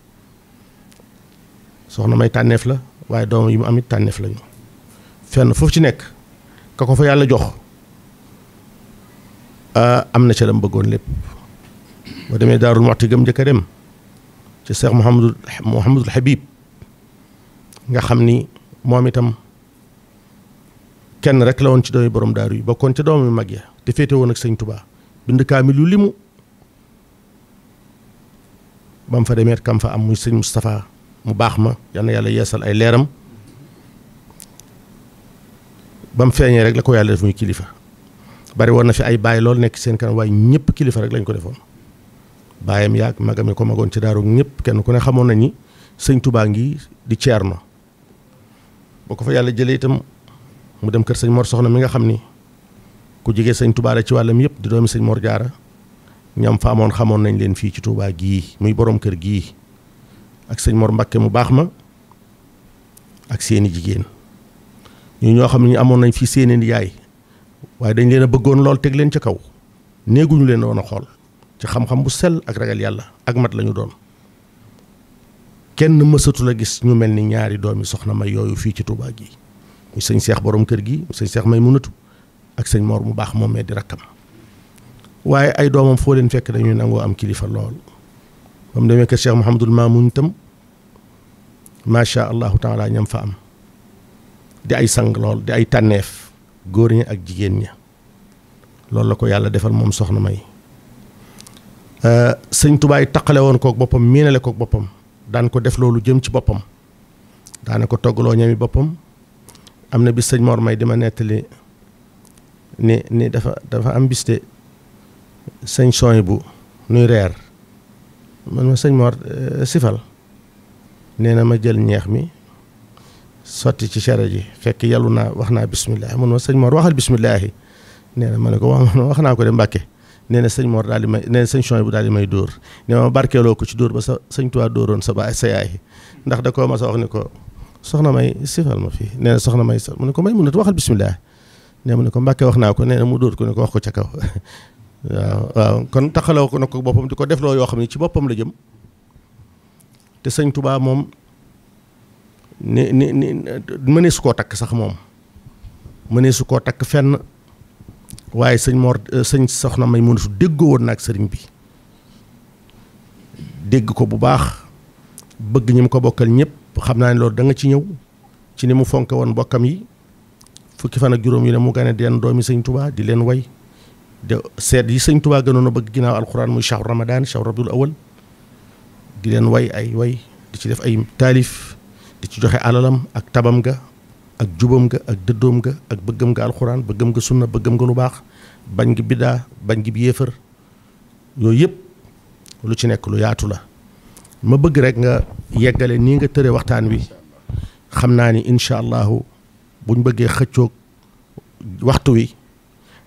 soxna may tànneef la waaye doom yi mu amit tànneef lañu fenn foofu ci nekk ka yàlla jox Ah, am na ca lam bëggoon lépp boo demee daarul moxti gëm njëkk a dem ci seex Mouhamadul Mouhamadul Habib nga xam ni moom itam kenn rek la woon ci doomi boroom daaru yi bokkoon ca doomi mag ya te féete woon ak sëñ Touba bind kaamil yu limu ba mu fa demee kam fa am muy sëñ Moustapha mu baax ma yal na yàlla yeesal ay leeram ba mu feeñee rek la ko yàlla def muy kilifa. bari woon na fi ay bàyyi loolu nekk seen kanam waaye ñëpp kilifa rek lañ ko defoon bàyyam magam magami ko magoon ci daaru ñëpp kenn ku ne xamoon na ni ngi di ceerno boo ko fa yàlla jëlee itam mu dem kër sëñ Mor Soxna mi nga xam ni ku jege sëñ tubaa ci wàllam yëpp di doomi sëñ Jaara ñam fa amoon xamoon nañ leen fii ci tuubaa gii muy boroom kër gii ak sëñ Mor mbakke mu baax ma ak seeni jigéen ñu ñoo xam ne amoon nañ fii seeni yaay waaye dañ leen a bëggoon lool teg leen ci kaw néeguñu leen woon a xool ci xam-xam bu sell ak ragal yàlla ak mat lañu doon kenn mësatul a gis ñu mel ni ñaari doomi soxna may yooyu fii ci Touba gi mu sëñ seex boroom kër gi mu sëñ seex may munatu ak sëñ moor mu baax moom mee di rakkam waaye ay doomam foo leen fekk dañuy nangoo am kilifa lool moom mu demee kër Cheikh Mouhamadul Mamoun tam macha allahu taala ñam fa am di ay sang lool di ay tànneef. góor ñi ak jigéen ña loolu la ko yàlla defal moom soxna may euh, sëñ tubaay taqale woon kook boppam miinale kook boppam daan ko def loolu jëm ci boppam daana ko toggaloo ñami boppam am na bi sëñ Mor may di ma nettali ni ni dafa dafa am bis sëñ sooy bu nuy reer man ma sëñ Mor euh, sifal nee na ma jël ñeex mi sotti ci cere ji fekk yàllu naa wax naa bisimilah mun ma sëñ Mor waxal bisimilah nee na ma ko wax naa ko de Mbàkke nee na sëñ Mor daal di may nee daal di may dóor nee ma barkeeloo ko ci dóor ba sa sëñ Tuubaa dóoroon sa baay sa yaay ndax da koo ma sa wax ni ko soxna may sifal ma fii nee na soxna may sa mu ne ko may mun a waxal bisimilah nee mu ne ko Mbàkke wax naa ko nee mu dóor ko ne ko wax ko ca kaw waaw waaw kon taxaloo ko na ko boppam di ko def loo yoo xam ne ci boppam la jëm te sëñ ni ni ni mënee su koo takk sax moom mënee su koo takk fenn waaye sëñ Mor eh, sëñ soxna may mënu su déggoo woon naag sëriñ bi dégg ko bu baax bëgg ñi mu ko bokkal ñëpp xam naa ne loolu da nga ci ñëw ci ni mu fonke woon mbokkam yi fukki fan ak juróom yu ne mu gane den leen doomi sañ tubaa di leen way de seet yi sëñ Touba gënoon a bëgg ginnaaw alxuraan muy shahru ramadan shahru rabiul awal di leen way ay way di ci def ay taalif di ci joxe alalam ak tabam ga ak jubam ga ak dëddoom ga ak bëggam ga alxuraan bëggam nga sunna bëggam nga lu baax bañ gi biddaa bañ gi yéefar yooyu yëpp lu ci nekk lu yaatu la ma bëgg rek nga yeggale nii nga tëre waxtaan wi xam naa ni incha allahu buñ bëggee xëccoog waxtu wi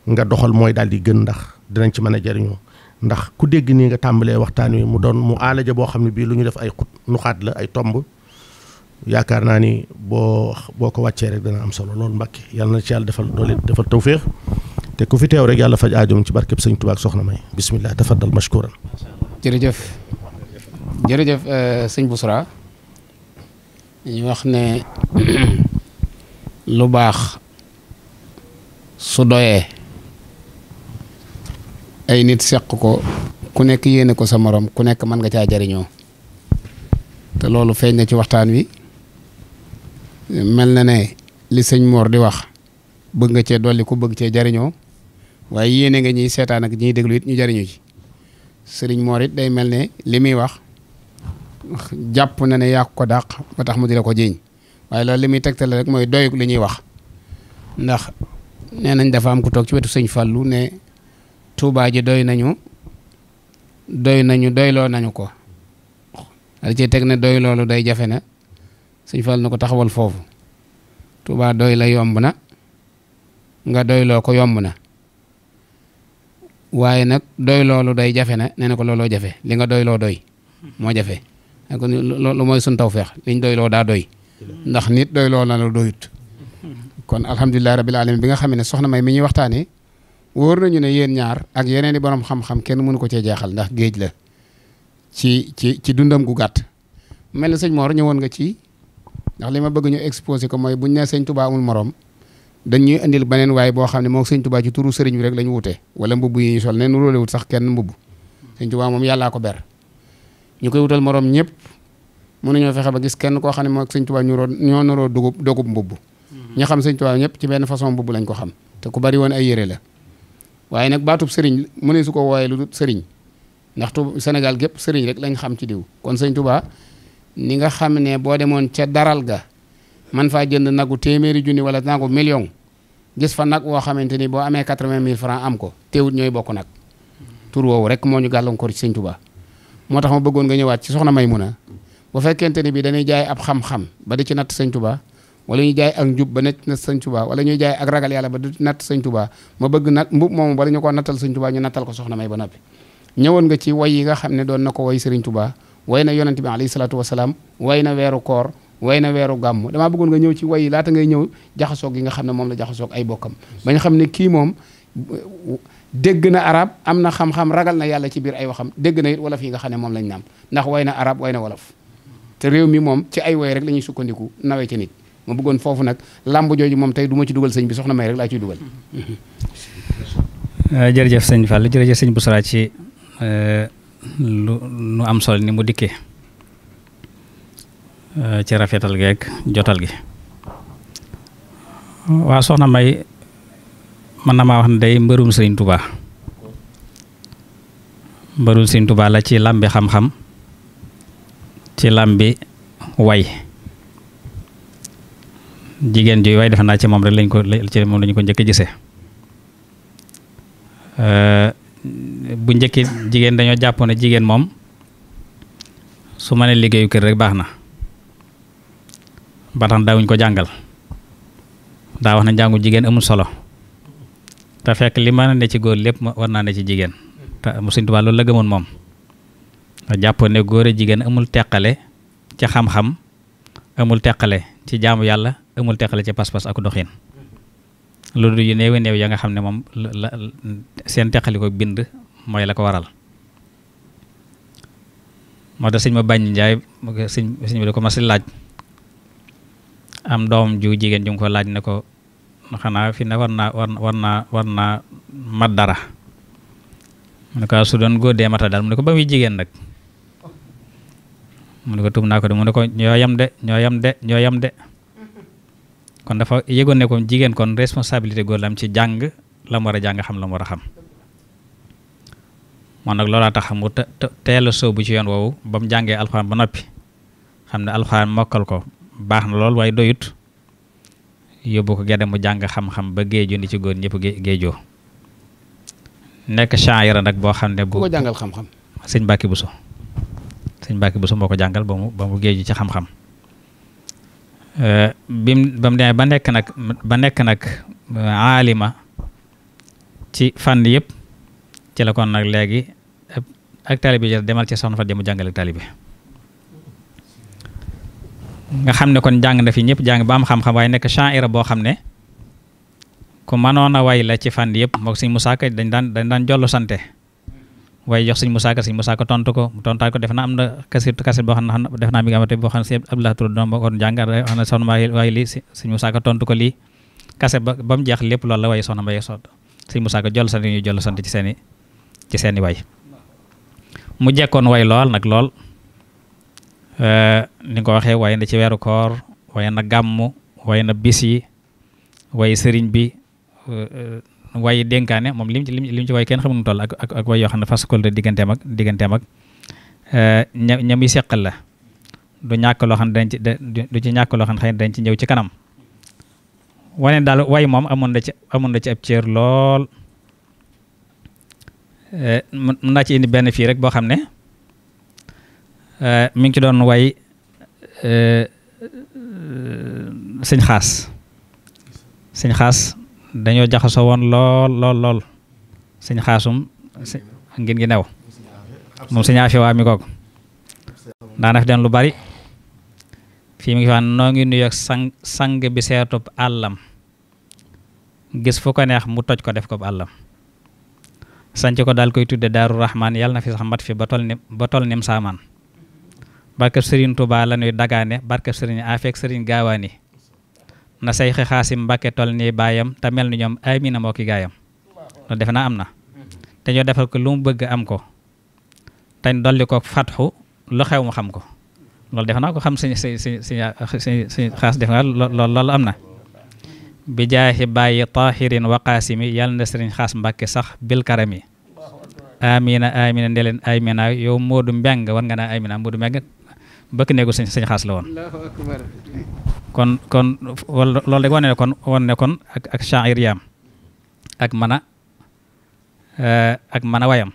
nga doxal mooy daal di gën ndax dinañ ci mën a jariñoo ndax ku dégg nii nga tàmbalee waxtaan wi mu doon mu aalaja boo xam ne bii lu ñu def ay xut nuxaat la ay tomb yaakaar naa ni boo boo ko wàccee rek dana am solo loolu Mbàkke yàlla na ci yàlla defal doole defal tawféex te ku fi teew rek yàlla faj aajoom ci barkeb sëñ Tuubaa ak soxna May bisimilah tafaddal mashkuran. jërëjëf jërëjëf euh, sëñ Bousra ñu wax ne lu baax su doyee ay nit seq ko ku nekk yéene ko sa moroom ku nekk mën nga caa jariñoo te loolu feeñ na ci waxtaan wi mel na ne li sëñ moor di wax bëgg nga cee dolli ku bëgg cee jariñoo waaye yéene nga ñiy seetaan ak ñi déglu it ñu jariñu ci sëriñ Mor it day mel ne li muy wax jàpp na ne yaa ko dàq ba tax mu di la ko jiiñ waaye loolu li muy teg tegtale rek mooy doyuk li ñuy wax ndax nee nañ dafa am ku toog ci wetu sëñ Fallou ne Touba ji doy nañu doy nañu doyloo nañu ko da cee teg ne doy loolu day jafe na sëñ Fall na ko taxawal foofu Touba doy la yomb na nga doyloo ko yomb na waaye nag doy loolu day jafe na nee na ko looloo jafe li nga doyloo doy moo jafe ak loolu mooy taw tawfeex liñ doyloo daa doy ndax nit doyloo na la doyut kon alhamdulilah rabil alamin bi nga xamee ne soxna May mi ñuy waxtaanee wóor nañu ne yéen ñaar ak yeneen i borom xam-xam kenn mënu ko cee jeexal ndax géej la ci ci ci dundam gu gàtt mel na sëñ Mor ñëwoon nga ci. ndax li ma bëgg ñu exposé ko mooy buñ ne sëñ tubaa amul morom dañuy indil beneen waaye boo xam ne moom sëñ tubaa ci turu sëriñ bi rek lañ wute wala mbubb yi ñu sol ne nu róolewut sax kenn mbubb sëñ moom yàllaa ko ber ñu koy wutal morom ñëpp mënuñoo fexe ba gis kenn koo xam ne moom sëñ tubaa ñuroo ñoo noroo dugub dogub mbubb ñi xam sëñ tubaa ñëpp ci benn façon mbubb lañ ko xam te ku bari woon yére la waaye nag baatub sëriñ mu ne su ko wooyee lu sëriñ ndax tu gépp sëriñ rek lañ xam ci diw kon sëñ tubaa ni nga xam ne boo demoon ca daral ga man faa jënd nagu téeméeri junni wala nagu million gis fa nag woo xamante ni boo amee quatre-vingt mille francs am ko teewut ñooy bokk nag tur woowu rek moo ñu gàllankoor ci sëñ moo tax ma bëggoon nga ñëwaat ci soxna Maymuna bu fekkente ni bi dañuy jaay ab xam ba di ci natt sëñ Tuubaa wala ñuy jaay ak njub ba nekk sëñ Tuubaa wala ñuy jaay ak ragal yàlla ba di natt sëñ ma bëgg nat mbub moomu bala ñu koo nattal sëñ ñu nattal ko soxna May ba noppi ñëwoon nga ci way yi nga xam ne doon na ko woy sëriñ Tuubaa way na yonent bi alayhi salaatu wasalaam way na weeru koor way na weeru gàmm damaa bëggoon nga ñëw ci way laata ngay ñëw jaxasoog yi nga xam ne moom la jaxasoog ay bokkam ba ñu xam ne kii moom dégg na arab am na xam-xam ragal na yàlla ci biir ay waxam dëgg na it wolof yi nga xam ne moom lañ naam ndax way na arab way na wolof te réew mi moom ci ay way rek la ñuy sukkandiku nawee ci nit ma bëggoon foofu nag làmb jooju moom tey duma ci dugal sëñ bi soxna may rek laa ciy dugal jërëjëf sëñ Fall jërëjëf sëñ Bousra ci euh, lu nu am solo ni mu dikkee eh, ci rafetal gi ak jotal gi waa soxna May mën na maa wax ne day mbërum Sëriñ Tubaa mbërum Sëriñ Tubaa la ci làmbi xam-xam ci làmbi way jigéen ji way defe naa ci moom rek lañ ko ci moom lañu ko njëkk a gisee eh, bu njëkki jigéen dañoo jàppoon jigéen moom su ma ne liggéeyu kër rek baax na ba tax ko jàngal daa wax na njàngu jigéen amul solo te fekk li mën a ne ci góor lépp war naa ne ci jigéen te moom jàppoon ne góor a jigéen amul teqale ci xam-xam amul teqale ci jaamu yàlla amul teqale ci pas-pas ak doxin loolu yu néew néew ya nga xam ne moom la seen teqali bind mooy la ko waral moo tax sëñ ma bañ njaay sëñ sëñ bi ko mas di laaj am doom ju jigéen ju ko laaj ne ko xanaa fi ne war naa war naa war naa mat dara mu ne ko ah, su doon góor dee mata daal mu ne ko ba muy jigéen nag mu ne ko tuub naa ko de mu ne ko ñoo yam de ñoo yam de ñoo yam de kon dafa yëgoon ne ko jigéen kon responsabilité góor la am ci jàng la mu war a jàng xam la mu war a xam moom nag loolaa tax mu teel a sóobu ci yoon woowu ba mu jàngee alxuraan ba noppi xam ne alxuraan mokkal ko baax na lool waaye doyut yóbbu ko gedde mu jàng xam-xam ba géeju ni ci góor ñëpp géejoo nekk shaayira nag boo xam ne bu ko jàngal xam-xam sëñ Mbàkke Buso sëñ Mbàkke Buso moo ko jàngal ba mu ba mu géeju ci xam-xam bim ba mu ba nekk nag ba nekk nag aalima ci fànn yëpp ci la kon nag léegi ak taalibe bi demal ci soxna fa dem mu jàngale ak taalibe nga xam ne kon jàng na fi ñëpp jàng ba am xam-xam waaye nekk sha'ira boo xam ne ku mënoon a way la ci fànn yëpp moog Sëñ Musaa Ka dañ daan daan jollu sante waaye jox Sëñ Musaa Ka Sëñ ko mu tontaat ko def na am na def naa mi boo xam ne si Abdoulaye Touré doon ko jàng wax na soxna Mbaye waaye lii tontu ko lii kasit ba ba mu jeex lépp loolu la waaye soxna Mbaye soxna Sëñ Musaa Ka jollu sante ñu jollu sante ci seeni ci seeni way mu jekkoon way lool nag lool eh, ni nga ko waxee way na ci weeru koor way na gàmm way na bis yi way sëriñ bi eh, eh, way dénkaane moom lim ci lim ci way kenn xamuñu toll ak ak way yoo xam ne fas kóllëre digganteem ak digganteem ak ña ña muy seqal la du ñàkk loo xam ne dañ ci du ci ñàkk loo ne xëy dañ ci ñëw ci kanam wane daal way moom amoon na ci ab cër lool Eh, mën naa ci benn fii rek boo xam ne eh, mi ngi ci doon way eh, sëñ xaas sëñ xaas dañoo jaxasoo woon lool lool lool sëñ xaasum ngeen ngi new moom sëñ Afia waa mi googu daana fi den lu bari fii mi ngi wax noo ngi sang sang bi seetub àllam gis fu ko neex mu toj ko def ko bu sanc ko daal koy tudde daaru rahmaan yàlla na fi sax mat fi ba tol ba tol nim saamaan barkab sëriñ Tuubaa la ñuy dagaane barkab sëriñ Afeek sëriñ Gaawaani na say xaasim Mbàkke tol nii baayam ta mel ni ñoom amina moo ki gaayam loolu defe naa am na te ñoo defal ko lu bëgg am ko teñ ko fatxu lu xew mu xam ko loolu defe naa ko xam sëñ sëñ sëñ sëñ xaas defe naa loolu loolu na bi jaaxi bàyyi taahirin wa qaasimi yàlla na sëriñ xaas mbàkke sax bil karami amina amina ndeleen amina yow Modou Mbeng war nga naa amina Modou Mbeng bëkk neegu sëñ sëñ la woon kon kon loolu rek wane wane kon ak ak ak mën eh, ak mën wayam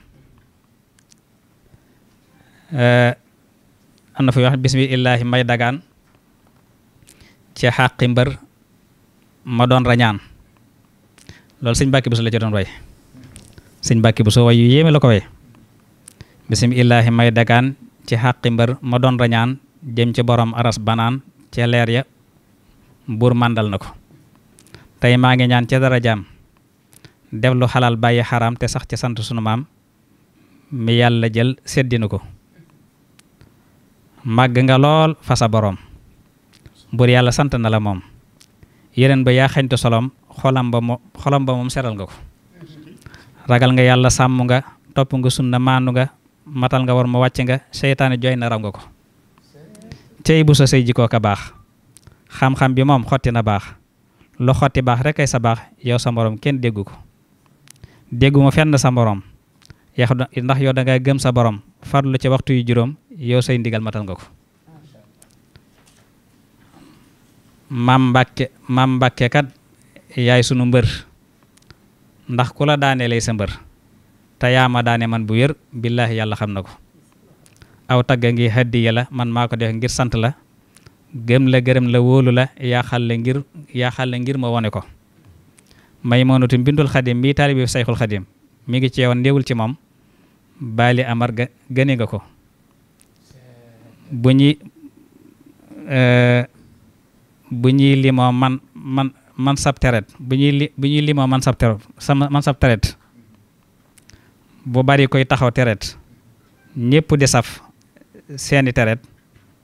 eh, am na fu wax bismillaahi may dagaan ci xàqi mbër ma doon rañaan loolu sëñ Mbàkke la ci doon way sëñ Mbàkke Buso way yu yéeme la ko bisim bismillaahi may dagaan ci xàqi mbër ma doon rañaan jëm ci borom aras banaan ca leer ya buur màndal na ko tey maa ngi ñaan ca dara jaam def lu xalaal bàyyi xaraam te sax ci sant sunu maam mi yàlla jël seddina ko màgg nga lool fasa boroom borom yàlla sant na la moom yeneen ba yaa xañtu solom xolam ba mo moom seral nga ko ragal nga yàlla sàmm nga topp nga sunna maandu nga matal nga war ma wàcc nga seytaane jooy na raw nga ko tey bu sa sëy jikoo ka baax xam-xam bi moom xotti na baax lu xotti baax rek ay sa baax yow sa mboroom kenn déggu ko déggu ma fenn sa moroom yax ndax yow da ngaa gëm sa borom farlu ci waxtu yu juróom yow say ndigal matal nga ko maam Mbàkke mam Mbàkke kat yaay sunu mbër ndax ku la daane lay sa mbër te yaa ma daane man bu wér billaahi yàlla xam na ko aw tagga ngi hadiya la man maa ko def ngir sant la gëm la gërëm la wóolu la yaa xal la ngir yaa xal la ngir ma wone ko Maymunatu bintul Xadim mii taalibi Sayxul Xadim mi ngi ceewoon ndéewul ci moom baali amar gëne nga ko bu ñi eh, bu ñuy limo man man man sab teret bu ñuy li bu ñuy limoo man sab teret sama man sab teret bu bari koy taxaw teret ñëpp di saf seeni teret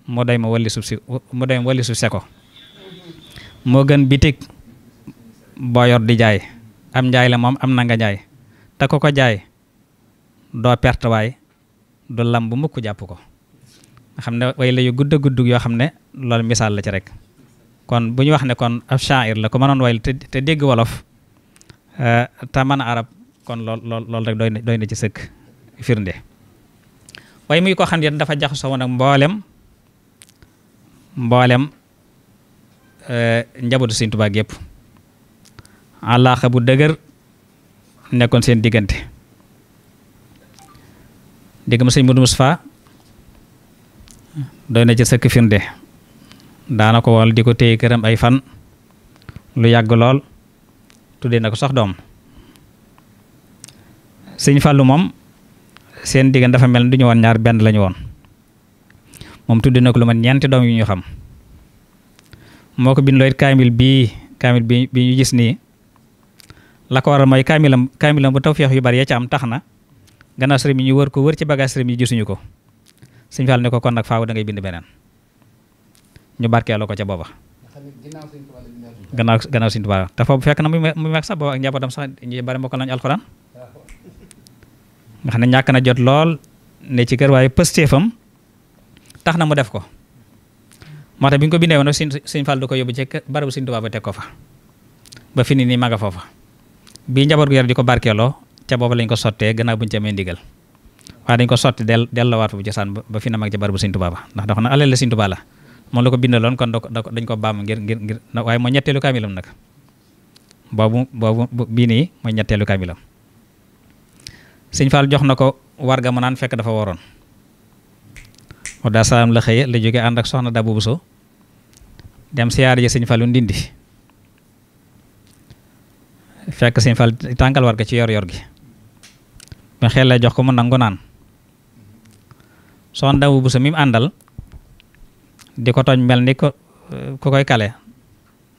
mu doy ma walli suuf mu doy ma walli suuf se ko moo gën bitig boo yor di jaay am njaay la moom am na nga jaay te ko ko jaay doo perte waay du lam bu mukk jàpp ko xam ne way la yu gudd a yoo xam ne loolu misaal la ci rek kon bu ñu wax ne kon ab shaa'ir la ko mënoon way te te dégg wolof eh, te mën arab kon lool lool loolu rek doy na doy na ci sëkk firnde way muy koo xam ne dafa jax woon ak mboolem mboolem eh, njabootu Sëriñ Tuubaa yëpp àllaaxa bu dëgër nekkoon seen diggante dégg ma sëñ Modou Moustapha doy na ci sëkk firnde daana ko wal di ko téye këram ay fan lu yàgg lool tuddee na sox doom sëñ Fallou moom seen diggante dafa mel ni duñu ñu woon ñaar benn la woon moom tuddee na lu man ñeenti doom yu ñu xam moo ko bindoo it kaamil bii kaamil bi bi ñu gis nii la ko waral mooy kaamilam kaamilam bu tawféex yu bari ya ca am tax na gannaaw sëriñ bi ñu wër ko wër ci bagage sëriñ bi gisuñu ko sëñ Fallou ne ko kon nag faaw dangay bind beneen. ñu barkeeloo ko ca booba gannaaw gannaaw Sëñ te foofu fekk na mu meeg sax booba ak njabootam sax ñu bari mbokk lañu alxuraan nga xam ne ñàkk na jot lool ne ci kër waaye pëstéefam tax na mu def ko moo tax bi ñu ko bindee woon Sëñ Fall ko yóbbu ci barabu Sëñ Tuubaa ba teg ko fa ba fi ni nii foofa bii njaboot gu yar di ko barkeeloo ca booba lañ ko sottee gannaaw buñ ca amee ndigal waaye dañ ko sot dell del la waat bu ci saan ba fi na mag ci barabu Sëñ Tuubaa ba ndax dafa na alal la Sëñ la moom la ko bindaloon kon da ko dañ ko baamu ngir ngir ngir waaye mooy ñetteelu kaamilam nag boobu boobu bii mooy ñetteelu kaamilam sëñ Fall jox na ko warga mu naan fekk dafa waroon moo daa la xëye la jóge ànd ak soxna Daba Bousso dem siyaar ji sëñ Fallu ndindi fekk sëñ Fall tànkal warga ci yor yor gi mu xel lay jox ko mu nangu naan soxna Daba Bousso mi mu àndal di ko tooñ mel ni ko ku koy kale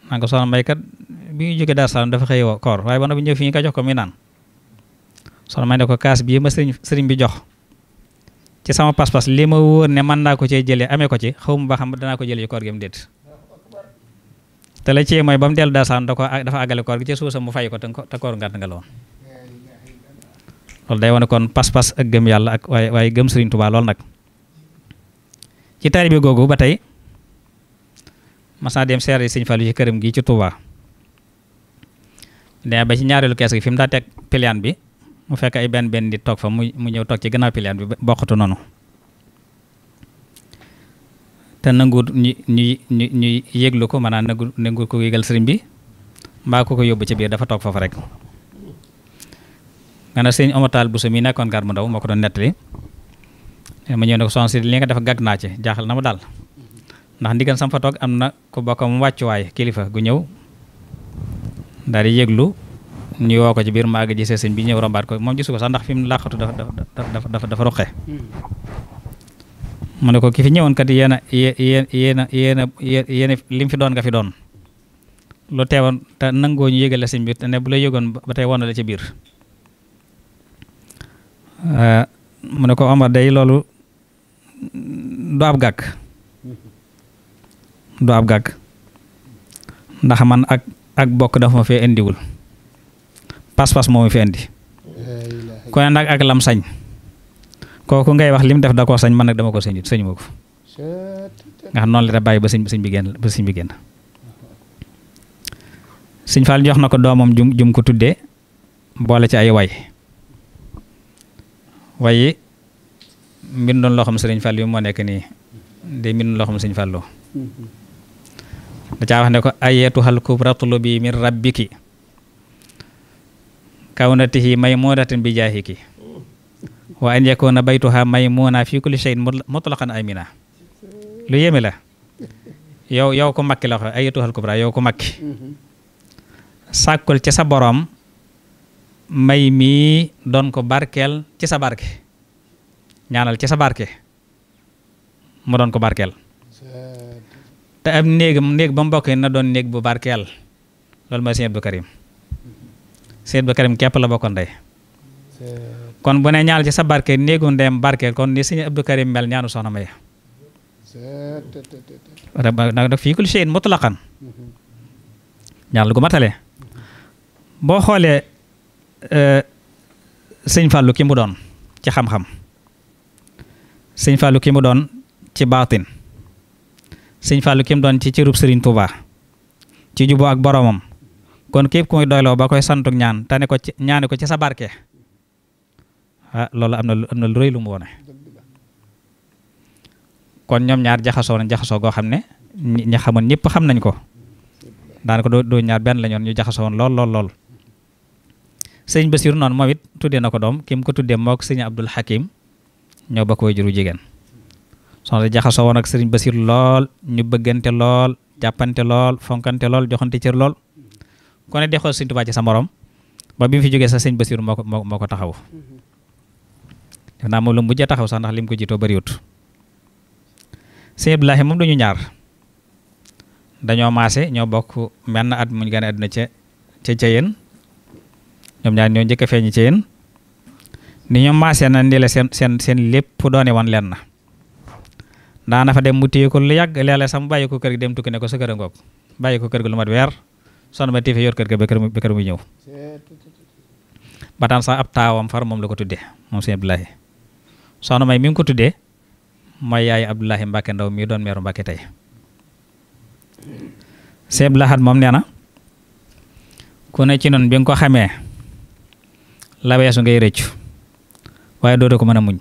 naa ko soxna may kat bi ñu jógee Daaru Salaam dafa xëy koor waaye ba na bu ñëw fi ñu ko jox ko muy naan soxna may ne ko kaas bii ma sëriñ sëriñ bi jox ci sama pas-pas li ma wóor ne mën naa ko cee jëlee amee ko ci xaw ma ba xam danaa ko jëlee ci koor gi mu déet te la ci mooy ba mu dellu Daaru Salaam da ko dafa àggale koor gi ci suusa mu fay ko te koor ngàtt nga la woon loolu day wane kon pas-pas ak gëm yàlla ak waaye gëm ci taalibe googu ba tey mas naa dem seere sëñ Fallou ci këram gi ci Touba dee ba ci ñaareelu kees gi fi mu daa teg piliyaan bi mu fekk ay benn benn di toog fa mu mu ñëw toog ci gannaaw piliyaan bi bokkatu noonu te nanguut ñu ñu ñu ñu yëglu ko maanaam nangu ko yëgal sëriñ bi mbaa ko ko yóbbu ci biir dafa toog foofu rek nga ne sëñ taal bu Bousso mi nekkoon gar mu ndaw moo ko doon nettali Eh, ma ñëw ne ko soxna si li nga def gàgg naa ci jaaxal na ma daal ndax ndigal sam fa toog am na ku bokk mu wàccuwaay kilifa gu ñëw daal di yëglu ñu woo ko ci biir màgg ji sëñ bi ñëw rombaat ko moom gisu ko sax ndax fi mu làqatu dafa dafa ruqe hmm. mu ne ko ki fi ñëwoon kat yéen a yéen yéen a li fi doon nga fi doon lu teewoon te nangoo ñu yëgale sëñ bi te ne bu la yëgoon ba tey woon la ci biir eh, mu ne ko Omar day loolu du ab gàkk du ab gàkk ndax man ak ak bokk dafa ma fee indiwul pas-pas moo ma fi indi kone nag ak lam sañ kooku ngay wax lim def da koo sañ man nag dama ko sañut sañu ma ko nga xam noonu la bàyyi ba sëñ sëñ bi génn ba sëñ bi génn sëñ Fall jox na ko doomam jum jum ko tuddee boole ci ay way waaye mbir doon loo xam sëriñ Fallou moo nekk nii day mbir doon loo xam sëriñ Fallou da caa wax ne ko ayatuhal kubra tulubi min rabbiki kawnatihi maymudatan bi jaahiki wa an yakuna baytuha maymuna fi kulli shay'in mutlaqan amina lu yeme la yow yow ku makki la wax ayatuhal kubra yow ko makki sàkkul ci sa boroom mbay mii doon ko barkeel ci sa barke ñaanal ci sa barke mu doon ko barkeel te am néeg néeg ba mu na doon néeg bu barkeel loolu mooy sëñ Abdou Karim sëñ Abdou Karim képp la bokkoon ndey kon bu ne ñaanal ci sa barke néegu ndeyam barkeel kon ni sëñ Abdou Karim mel ñaanu soxna May fii kul shay'in mutlaqan ñaan lu boo xoolee Euh, sëñ Fallou ki mu doon ci xam-xam sëñ Fallou ki mu doon ci baatin sëñ Fallou ki mu doon ci cërub Serigne Touba ci juboo ak boroomam kon képp ku muy ba koy santuk ñaan tane ko ci ñaane ko ci sa barke ah, loolu am na am na lu rëy lu kon ñoom ñaar jaxasoo na jaxasoo goo xam ne ña xamoon ñëpp xam nañ ko daanaka doo doo ñaar benn la ñoon ñu jaxasoon woon lool lool sëñ Basiir noonu moom it tuddee na ko doom ki ko tuddee mook sëñ Abdul Hakim ñoo bokk way juru jigéen soxna jaxasoo woon ak sëriñ Basiir lool ñu bëggante lool jàppante lool fonkante lool joxante cër lool ku ne de xool sëñ Tuubaa ci sa morom ba bi fi jógee sax sëñ Basiir moo ko moo taxaw def naa moom lu a taxaw sax ndax lim ko jiitoo bariwut sëñ Abdoulahi moom dañu ñaar dañoo maase ñoo bokk menn at muñ gane àdduna ca ca ca ñoom ñaar ñoo njëkk feeñu ci yéen ni ñoom maasee na ni la seen seen seen lépp doone wan leen na daana fa dem mu téye ko lu yàgg léeg-léeg sama bàyyi ko kër gi dem tukki ne ko sa kër a ngoog bàyyi ko kër gi lu mat weer sonn ba tiife yor kër ga ba kër muy ñëw ba sax ab taawam far moom la ko tuddee moom sëñ Abdoulahi soxna may mi ngi ko tuddee mooy yaay Abdoulahi Mbacke ndaw mii doon meeru Mbacke tey sëñ Abdoulahat moom nee na ku ne ci noon bi ko xamee la weesu ngay rëccu waaye dootoo ko mën a muñ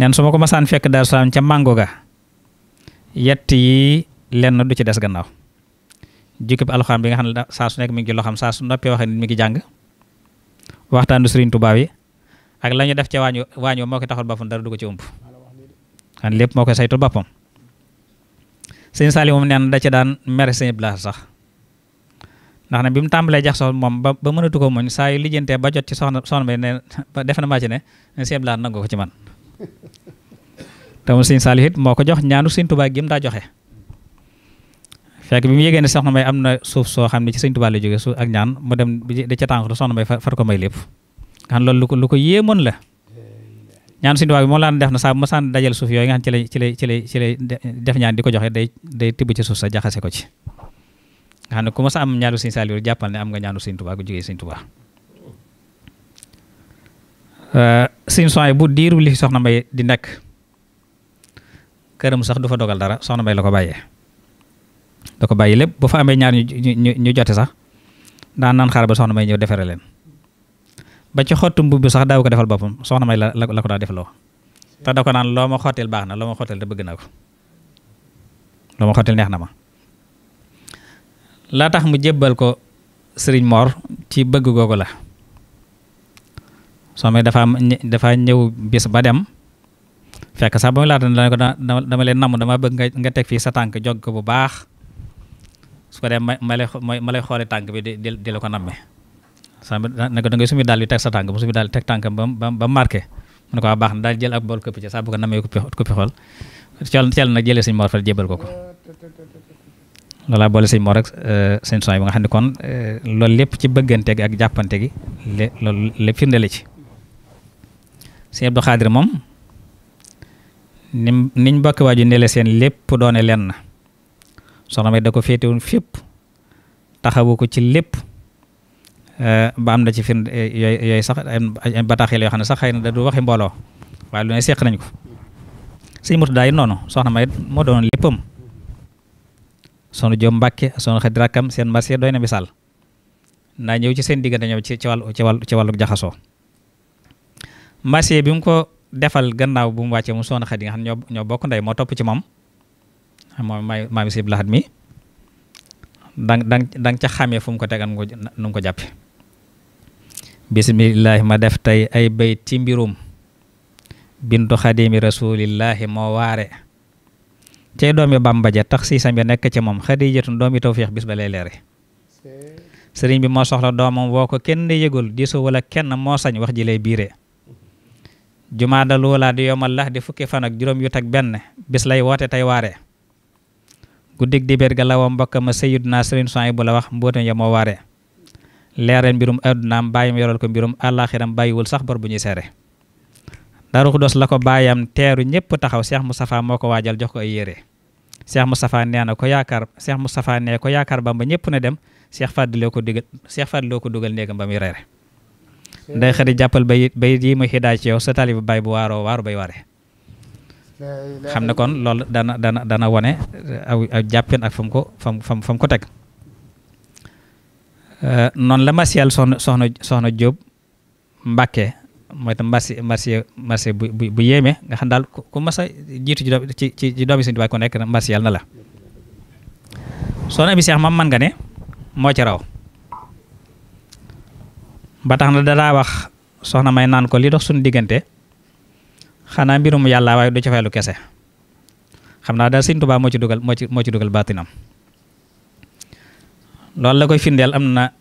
neen su ma ko fekk Daaru Salaam ca màngo ga yett yi lenn du ci des gannaaw jukkib alxuraan bi nga xam ne saa su nekk mi ngi ci loxam saa noppee waxee nit mi ngi jàng waxtaanu Serigne Touba yi ak la ñu def ca waañu waañu moo ko taxal boppam dara du ko ci ëmb xam lépp moo koy saytul boppam sëñ Saali neen da ci daan mere sëñ Blas sax ndax ne bi mu tàmbalee jaxasoo moom ba ba mënatu ko muñ saa yu lijjantee ba jot ci soxna soxna bi ne def na maa ci ne ne Sëñ Abdu Lahad ko ci man te mu Sëñ Saaliw moo ko jox ñaanu Sëñ Tuubaa gi mu daa joxe fekk bi mu yégée ne soxna am na suuf soo xam ne ci Sëñ Tuubaa la jógee ak ñaan mu dem di ca tànk soxna may far ko may lépp nga xam loolu lu ko lu ko yéemoon la ñaan Sëñ Tuubaa bi moom laa def na saa bu ma sànn dajal suuf yooyu nga xam ci lay ci lay ci lay ci lay def ñaan di ko joxe day day tibb ci suuf sa jaxase ko ci nga xam ne ku ma sa am ñaanu sëñ Saliou jàppal ne am nga ñaanu sëñ Tuubaa gu jógee sëñ Tuubaa euh, sëñ Soy bu diiru li soxna May di nekk këram sax du fa dogal dara soxna May la ko bàyyee da ko bàyyi lépp bu fa amee ñaar ñu ñu jote sax daan naan xaar ba soxna May ñëw defaree leen ba ci xottu mbubb bi sax daa ko defal boppam soxna May la la ko daa defloo te da ko naan loo ma xotteel baax na loo ma xotteel da bëgg naa ko loo ma xotteel neex na ma. laa tax mu jébbal ko sëriñ Mor ci bëgg googu la soo may dafa am dafa ñëw bis ba dem fekk sax ba mu laata dana ko dama leen namm dama bëgg nga teg fii sa jog ko bu baax su ko dee ma tànk bi di di la ko namme sax ne ko da ngay sa tànk bu sumi tànk ba ba marqué mu baax na daal jël ak bool këpp ci sax namee kuppi xool cel na jëlee suñu Mor Fall jébbal ko ko loolaa boole sëñ Mor ak sëñ Sonia bi nga xam ne kon euh, loolu lépp ci bëggante gi ak jàppante gi lé loolu le firndale ci sëñ Abdou Khadir moom nim niñ bokk waaju nele seen lépp doone lenn soxna may da ko féetewoon fépp taxawu ko ci lépp euh, ba am na ci firnde euh, yooy yooyu sax bataaxel yoo xam ne sax xëy na da du waxi mbooloo waaye lu ne seq nañ ko sëñ Murtada yi noonu soxna may moo doon léppam soxna Jóob Mbàkke soxna Xadi rakkam seen marché doy na misaal naa ñëw ci seen diggante ñoom ci ci wàllu ci wàllu ci wàllu jaxasoo marché bi mu ko defal gannaaw bu mu wàccee mu soxna Xadi nga xam ñoo ñoo bokk ndey moo topp ci moom moom maay maami sib laxat mi dang dang dang ca xamee fu mu ko tegan nu ko jàppe bisimillahi ma def tey ay bay ci mbirum bintu xadimi rasulillahi moo waare cey doomi Bàmba ja tax siisam ya nekk ci moom xadijatun doomi tawfiix bis ba lay leere sëriñ bi moo soxla doomam woo ko kenn yëgul diisoo wala kenn moo sañ wax ji lay biire jumaada luulaa di yomal lax di fukki fan ak juróom yu teg benn bis lay woote tey waare guddig dibéer ga la woo mbokk ma Sayyiduna Sëriñ Suhaybu la wax mbootam ya moo waare leeral mbirum addunaam bàyyim yoral ko mbirum àllaaxiram bàyyiwul sax bor bu ñuy seere Daaru Xuddoos la ko baayam teeru ñëpp taxaw Cheikh Moustapha moo ko waajal jox ko ay yére Cheikh Moustapha nee na ko yaakaar mu Moustapha nee ko yaakaar Bamba ñëpp na dem Cheikh Fadiloo ko digal Cheikh Fadiloo ko dugal néegam ba muy reere nday xëy jàppal bayit bayit yi muy xidaay ci yow sa talibu bay bu waaroo waaru bay waree xam ne kon loolu dana dana dana wone eh, a aw jàppin ak fa ko fam fam ko teg eh, noonu la ma siyal soxna soxna soxna mooy tam marché marché marché bu bu bu yéeme nga xam daal ku mas jiitu ci ci ci doomi Sëriñ ko nekk marché yàlla la soxna bi Seex man nga ne moo ci raw ba tax na dadaa wax soxna may naan ko li dox suñu diggante xanaa mbirum yàlla waaye du ci faylu kese xam naa daal Sëriñ Tuubaa moo ci dugal moo ci moo ci dugal baatinam loolu la koy firndeel am na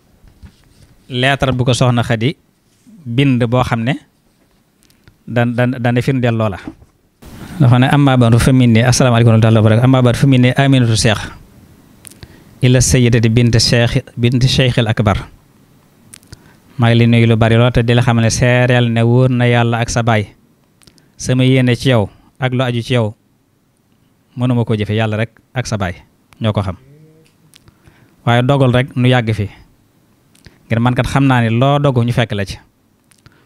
leetar bu ko soxna Xadi bind boo xam ne da da dana firndeel loola dafa ne amma ba'du fa minni asalaamaaleykum wa rahmatullahi wa barakatuh amma ba'du fa minni aminatu cheikh ila sayyidati bint cheikh bint cheikh al akbar maa ngi li nuyu lu bari lool te di la xam ne seereel ne wóor na yàlla ak sa baay sama yéene ci yow ak lu aju ci yow mënuma koo jëfe yàlla rek ak sa baay ñoo ko xam waaye dogal rek nu yàgg fi ngir man kat xam naa ne loo dogu ñu fekk la ci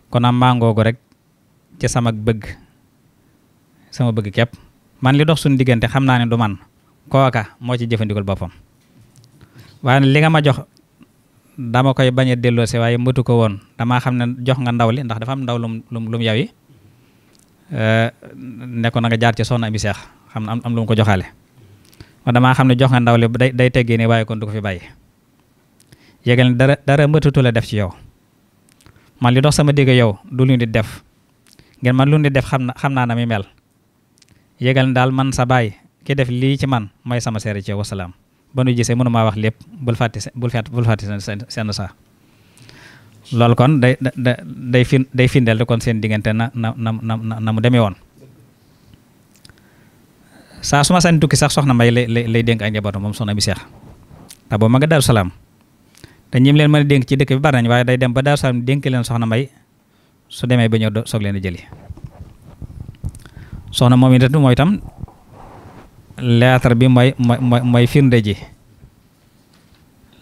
kon am màngoogu rek ci sama bëgg sama bëgg képp man li dox suñu diggante xam naa ne du man kooka moo ci jëfandikul boppam waaye li nga ma jox dama koy bañ a delloose waaye mbëtu ko woon damaa xam ne jox nga ndaw li ndax dafa am ndaw lum lum lum yaw yi nekkoon na nga jaar ci soxna Ami Seex xam na am lu ko joxaale ma damaa xam ne jox nga ndaw li day day teggee waaye kon du ko fi bàyyi yégal ne dara dara def ci yow man li dox sama dégg yow du lu di def ngeen man lu di def xam na xam naa na mi mel yégal daal man sa baay ki def lii ci man may sama seere ci yow salaam ba nu gisee mënu maa wax lépp bul fàtti bul fàtti bul fàtti seen saa loolu kon day day fin day findeel di kon seen diggante na na na na mu demee woon saa suma ma sànni tukki sax soxna Mbay lay lay dénk ay njabootam moom soxna bi Seex te boobu ma nga Salaam te ñim leen man dénk ci dëkk bi bari nañ waaye day dem ba Daaru Salaam dénk leen soxna May su demee ba ñëw soog leen a jëli soxna moom it mooy tam lettre bi mooy mooy firnde ji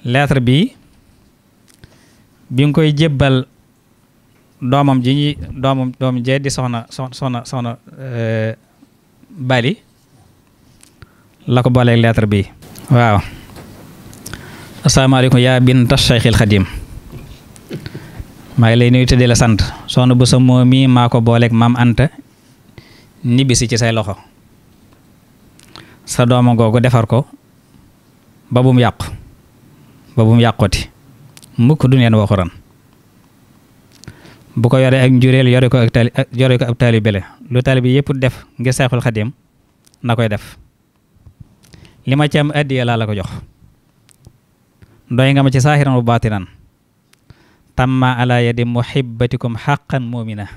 lettre bi bi nga koy jébbal doomam ji ñi doomam doom jee di soxna soxna soxna euh, Bali la ko booleeg lettre bi waaw asalaamaaleykum yaa binta Cheikhil Xadim maa ngi lay nuyu te la sant soxna bu sa moom maa ko booleek maam Anta ñibbisi ci say loxo sa dooma googu defar ko ba bum yàqu ba bum yàqoti mukk du neen waxuran bu ko yoree ak njureel yore ko ak taali yore ko ab la lu taalibe yëpp def ngir Cheikhul Xadim na koy def li ma ci am laa la ko jox doy nga ma ci saahiran wa baatinan tamma ala yadi muhibbatikum haqqan mu'mina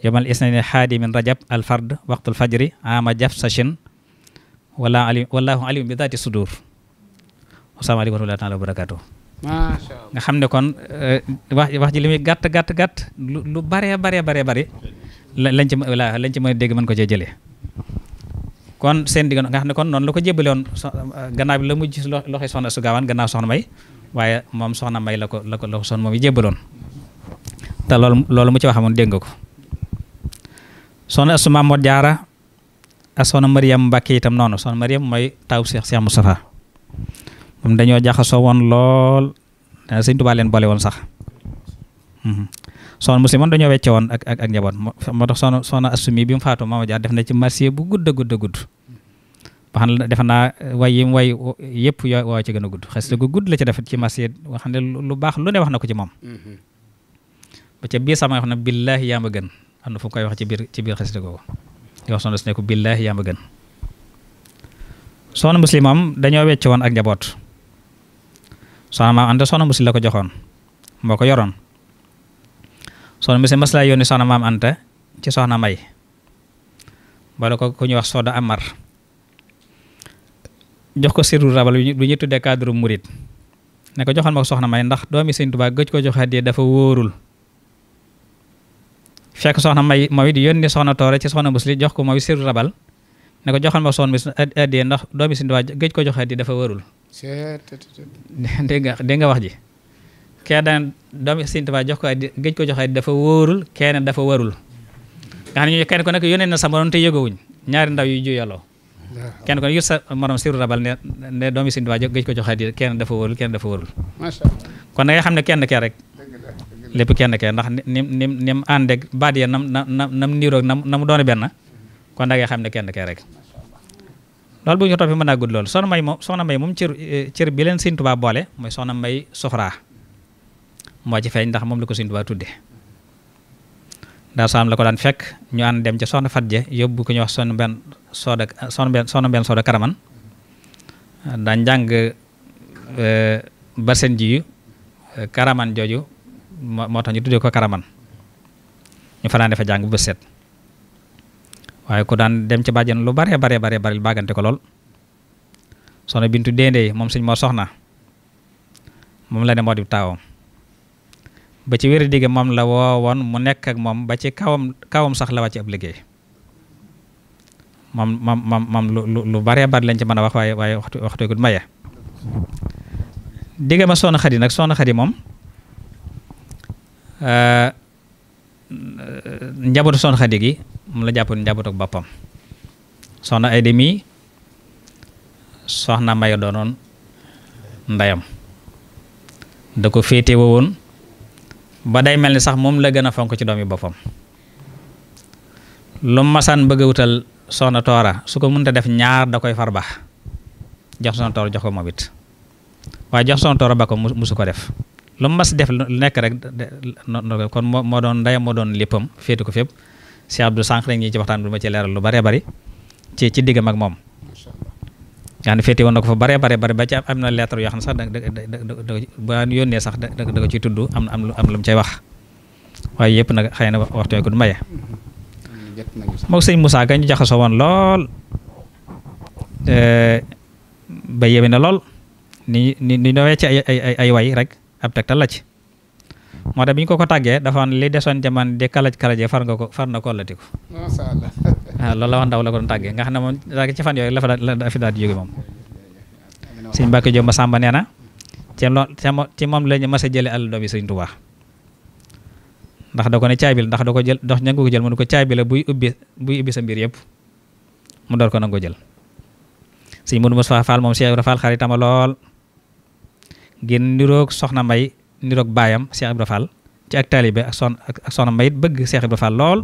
yomal isnani haadi min rajab al fard waqtul fajri ama jaf sachin wala ali wallahu alim bi daati sudur wassalaamu aleykum wa rahmatullaahi taala nga xam ne kon eh, wax wax ji li muy gàtt gàtt gàtt lu bare bare bare bare lañ ci lañ ci mën dégg mën ko cee jëlee kon seen diggante nga xam ne kon noonu la ko jébbale woon gannaaw bi la mujj loxo soxna su gaawaan gannaaw soxna may waaye moom soxna may la ko la ko la ko soxna moom yi jébbaloon te loolu loolu mu ci waxamoon dégg nga ko soxna Astou Mamour Diarra ak soxna Mariam Mbacke itam noonu soxna Mariam mooy taw Cheikh Cheikh Moustapha moom dañoo jaxasoo woon lool sëñ Tuubaa leen boole woon sax mhm. soxna musliman dañoo wecce woon ak ak ak njaboot moo tax soxna soxna assumi bi mu faatu maama jaar def na ci marché bu gudd a gudd a ba xam ne defe naa eh, way yim way yëpp yoo woo ci gën a gudd xasida gudd la ci def ci marché wax lu baax lu ne wax na ko ci moom mm-hmm. ba ca biir sama wax ne billaahi yaa gën am na fu mu koy wax ci biir ci biir xasida googu di wax soxna su ne ko billaahi dañoo wecce woon ak njaboot soxna maam ànd soxna muslim la ko joxoon moo ko yoroon soxna monsieur mas laa yónni soxna maam Anta ci soxna May bala ko ku ñuy wax Soda Amar jox ko sirru rabal bi ñu tuddee cadre murit ne ko joxal ma ko soxna May ndax doomi Sëñ Tuubaa gëj ko joxe addiya dafa wóorul fekk soxna May mooy di yónni soxna soxna Musli jox ko mooy sirru rabal ne ko joxal ma soxna ko joxe addiya dafa wóorul. dégg wax ji. kee daan doomi Sëriñ Tuubaa ko addi géej ko jox addi dafa wóorul kenn dafa warul kenn sa morom te yëgawuñ ñaari ndaw yu ju yoloo kenn ku ne yut sa morom siru rabal ne ne doomi Sëriñ Tuubaa jox géej ko jox addi kenn dafa wóorul kenn dafa warul kon da ngay xam ne kenn ke rek lépp kenn kee ndax nim nim ya nam nam nam niiroog nam na mu doone benn kon da ngay xam ne kenn kee rek loolu bu ñu toppee mën naa gudd loolu soxna may moom soxna may eh, bi leen Sëriñ Tuubaa boole soxna may soxraa moo ci feeñ ndax moom la ko Sëriñ Tuubaa tudde Daaru Salaam la ko daan fekk ñu dem ca soxna Fatje yóbbu ko ñu wax soxna benn sooda soxna benn sooda karaman daan njàng euh, barsen ji karaman jooju moo tax ñu tuddee ko karaman ñu fanaan defa jàng bu bës set waaye ku daan dem ci bàjjen lu bare bare bare bare baagante ko lool soxna bintu déndéy moom sëñ moo soxna moom la ne moo di taawam ba ci wér digg moom la woowoon mu nekk ak moom ba ci kawam kawam sax la wàcc ab liggéey moom moom moom lu lu baree bari lañ ci mën a wax waaye waaye waxtu waxtu gud maye digga ma soxna Xadi nag soxna Xadi moom euh, njabootu soxna Xadi gi mu la jàpp njabootu boppam soxna ay demi soxna Maya doonoon ndeyam da ko féete woon ba day mel ni sax moom la gën a fonk ci doom yi boppam lu masaan bëgg a wutal soxna toora su ko mënta def ñaar da koy far baax jox soxna toora jox ko moom it waaye jox soxna toora ba ko musu ko def lu mas def lu nekk rek kon moo doon ndeyam moo doon léppam féete ko fépp Cheikh Abdou sànq rek ñi ci waxtaan bi ma ci leeral lu bare bari ci ci diggam ak moom nga xam ne féete woon na ko fa bare bare bare ba ci am na lettre yoo xam ne sax da da da ba yónnee sax da da ko ci tudd am na am lu mu cay wax waaye yëpp nag xëy na waxtu ko du maye mook sëñ Moussa Ka ñu jaxasoo woon lool ba yéeme na lool ni ni ni ñëwee ci ay ay ay way rek ab tegtal la ci moo tax bi ko ko tàggee dafa li desoon ca man di kalaj kalajee far nga ko far na ko lati ko. macha allah waaw loolu la wax ndaw la ko tàggee nga xam ne moom daal ci fan yooyu la fa daal la fi daal di jóge moom. sëñ Mbacke na ci ci moom la ñu a jëlee àll doomi sëñ ndax da ko ne caabi ndax da ko jël ndax ña nga ko jël mënu ko caabi la buy ubbi buy sa mbir yëpp mu door ko nangu jël. sëñ Modou Moustapha Fall moom Cheikh Ibra Fall xaritama lool ngir niroog soxna May niroog baayam Cheikh Ibra Fall ci ak taalibe ak son ak sonam mayit bëgg Cheikh Ibra Fall lool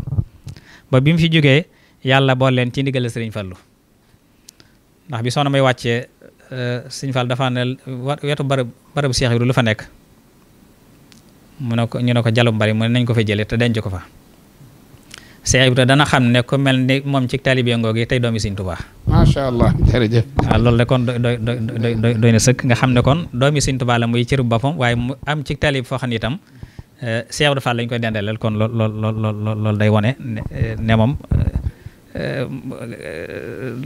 ba bi mu fi jógee yàlla bool leen ci ndigal Sëriñ Fallu ndax bi sonam may wàccee euh, Sëriñ Fall dafa ne wetu barab barabu Cheikh Ibra lu fa nekk mu ne ko ñu ne ko jalum bari mu ne nañ ko fa jëlee te denc ko fa Cheikh Ibra dana xam ne ku mel ni moom ci taalibe ngoog yi tey doomi Sëriñ Tuubaa. macha allah jërëjëf. waaw loolu de kon doy doy doy doy na sëkk nga xam ne kon doomi Sëriñ Tuubaa la muy cërub boppam waaye mu am ci taalib foo xam ne itam eh, Cheikh Ibra Fall lañ koy dendaleel kon lool lool lool lool day wone ne eh, moom eh,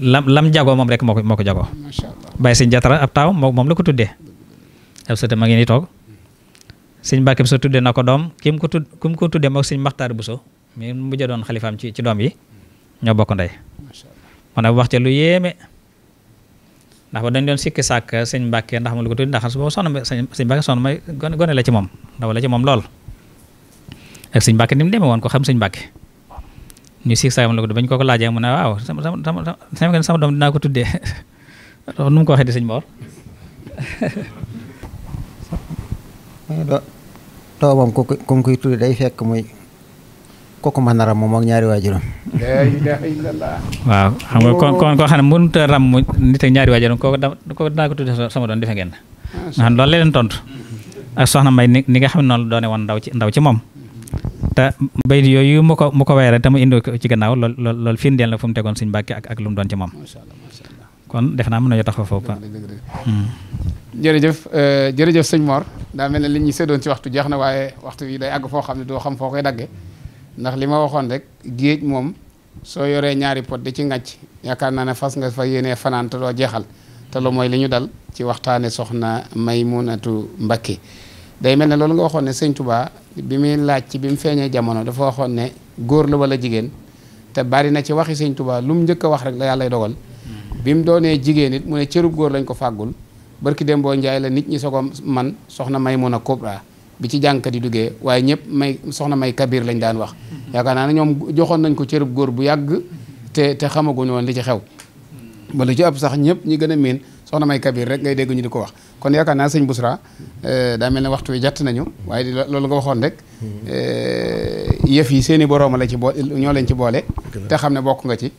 lam lam jagoo moom rek moo ko moo ko jagoo. macha allah Baye Sëriñ Jatara ab taaw moom la ko tuddee. ab sëte ma ngi nii toog Sëriñ Mbàkke Buso tuddee na ko doom ki mu ko tudd ki mu ko tuddee moom mi mujj doon xalifaam ci ci doom yi ñoo bokk ndey mu ne wax lu yéeme ndax ba dañ doon sikki sàkk sëñ Mbàkke ndax mu lu ko tudd ndax su boobu may gone la ci moom ndaw la ci moom lool ak sëñ Mbàkke ni mu demee woon ko xam sëñ Mbàkke ñu sikki sàkk mu lu ko bañ ko ko laajee mu a waaw sama sama sama doom dinaa ko tuddee nu mu ko waxee di sëñ Mor doomam koy tudde day fekk muy kooku ma nar a moom ak ñaari waajuram. la ilaha waaw xam nga kon kon oh. koo xam ne mënut a ram nit ak ñaari waajuram kooku da kooku dinaa ko tudde sama doon defe ngeen. nga xam loolu la leen tontu. Mm-hmm. ak soxna Mbay ni ni nga xam ne noonu la doone woon ndaw ci ndaw ci moom. te bayit yooyu mu ko mu ko wéyal te mu indi ci gannaaw lool lool loolu firndeel na mu tegoon suñu mbàkke ak ak lu mu doon ci kon defe naa mën nañoo taxaw foofu. Hmm. jërëjëf euh, jërëjëf sëñ Mor daa mel ne li ñuy séddoon ci waxtu jeex na waaye waxtu yi day àgg foo xam ne doo xam foo koy daggee ndax li ma waxoon rek géej moom soo yoree ñaari pot di ci ngàcc yaakaar naa ne fas nga fa yéenee fanaan te doo jeexal te lu mooy li ñu dal ci waxtaane soxna Maymunatu Mbakke day mel ne loolu nga waxoon ne sëñ Touba bi muy laaj ci bi mu feeñee jamono dafa waxoon ne góor la wala jigéen te bari na ci waxi sëñ Touba lu mu njëkk a wax rek la yàlla dogal mm-hmm. bi mu doonee jigéen it mu ne cërub góor lañ ko fàggul barki dem boo njaay la nit ñi sogo man soxna Maymuna Kubra bi ci jàngkat yi duggee waaye ñëpp may soxna may kabir lañ daan wax yaakaar naa ne ñoom joxoon nañ ko cërub góor bu yàgg te te xamaguñu woon li ci xew ba lu ci ëpp sax ñëpp ñi gën a miin soxna may kabir rek ngay dégg ñu di ko wax kon yaakaar naa sëñ Bousra eh, daa mel ne waxtu wi jàtt nañu waaye loolu nga waxoon rek eh, yëf yi seen i boroom la ci boo ñoo leen ci boole te xam ne bokk nga ci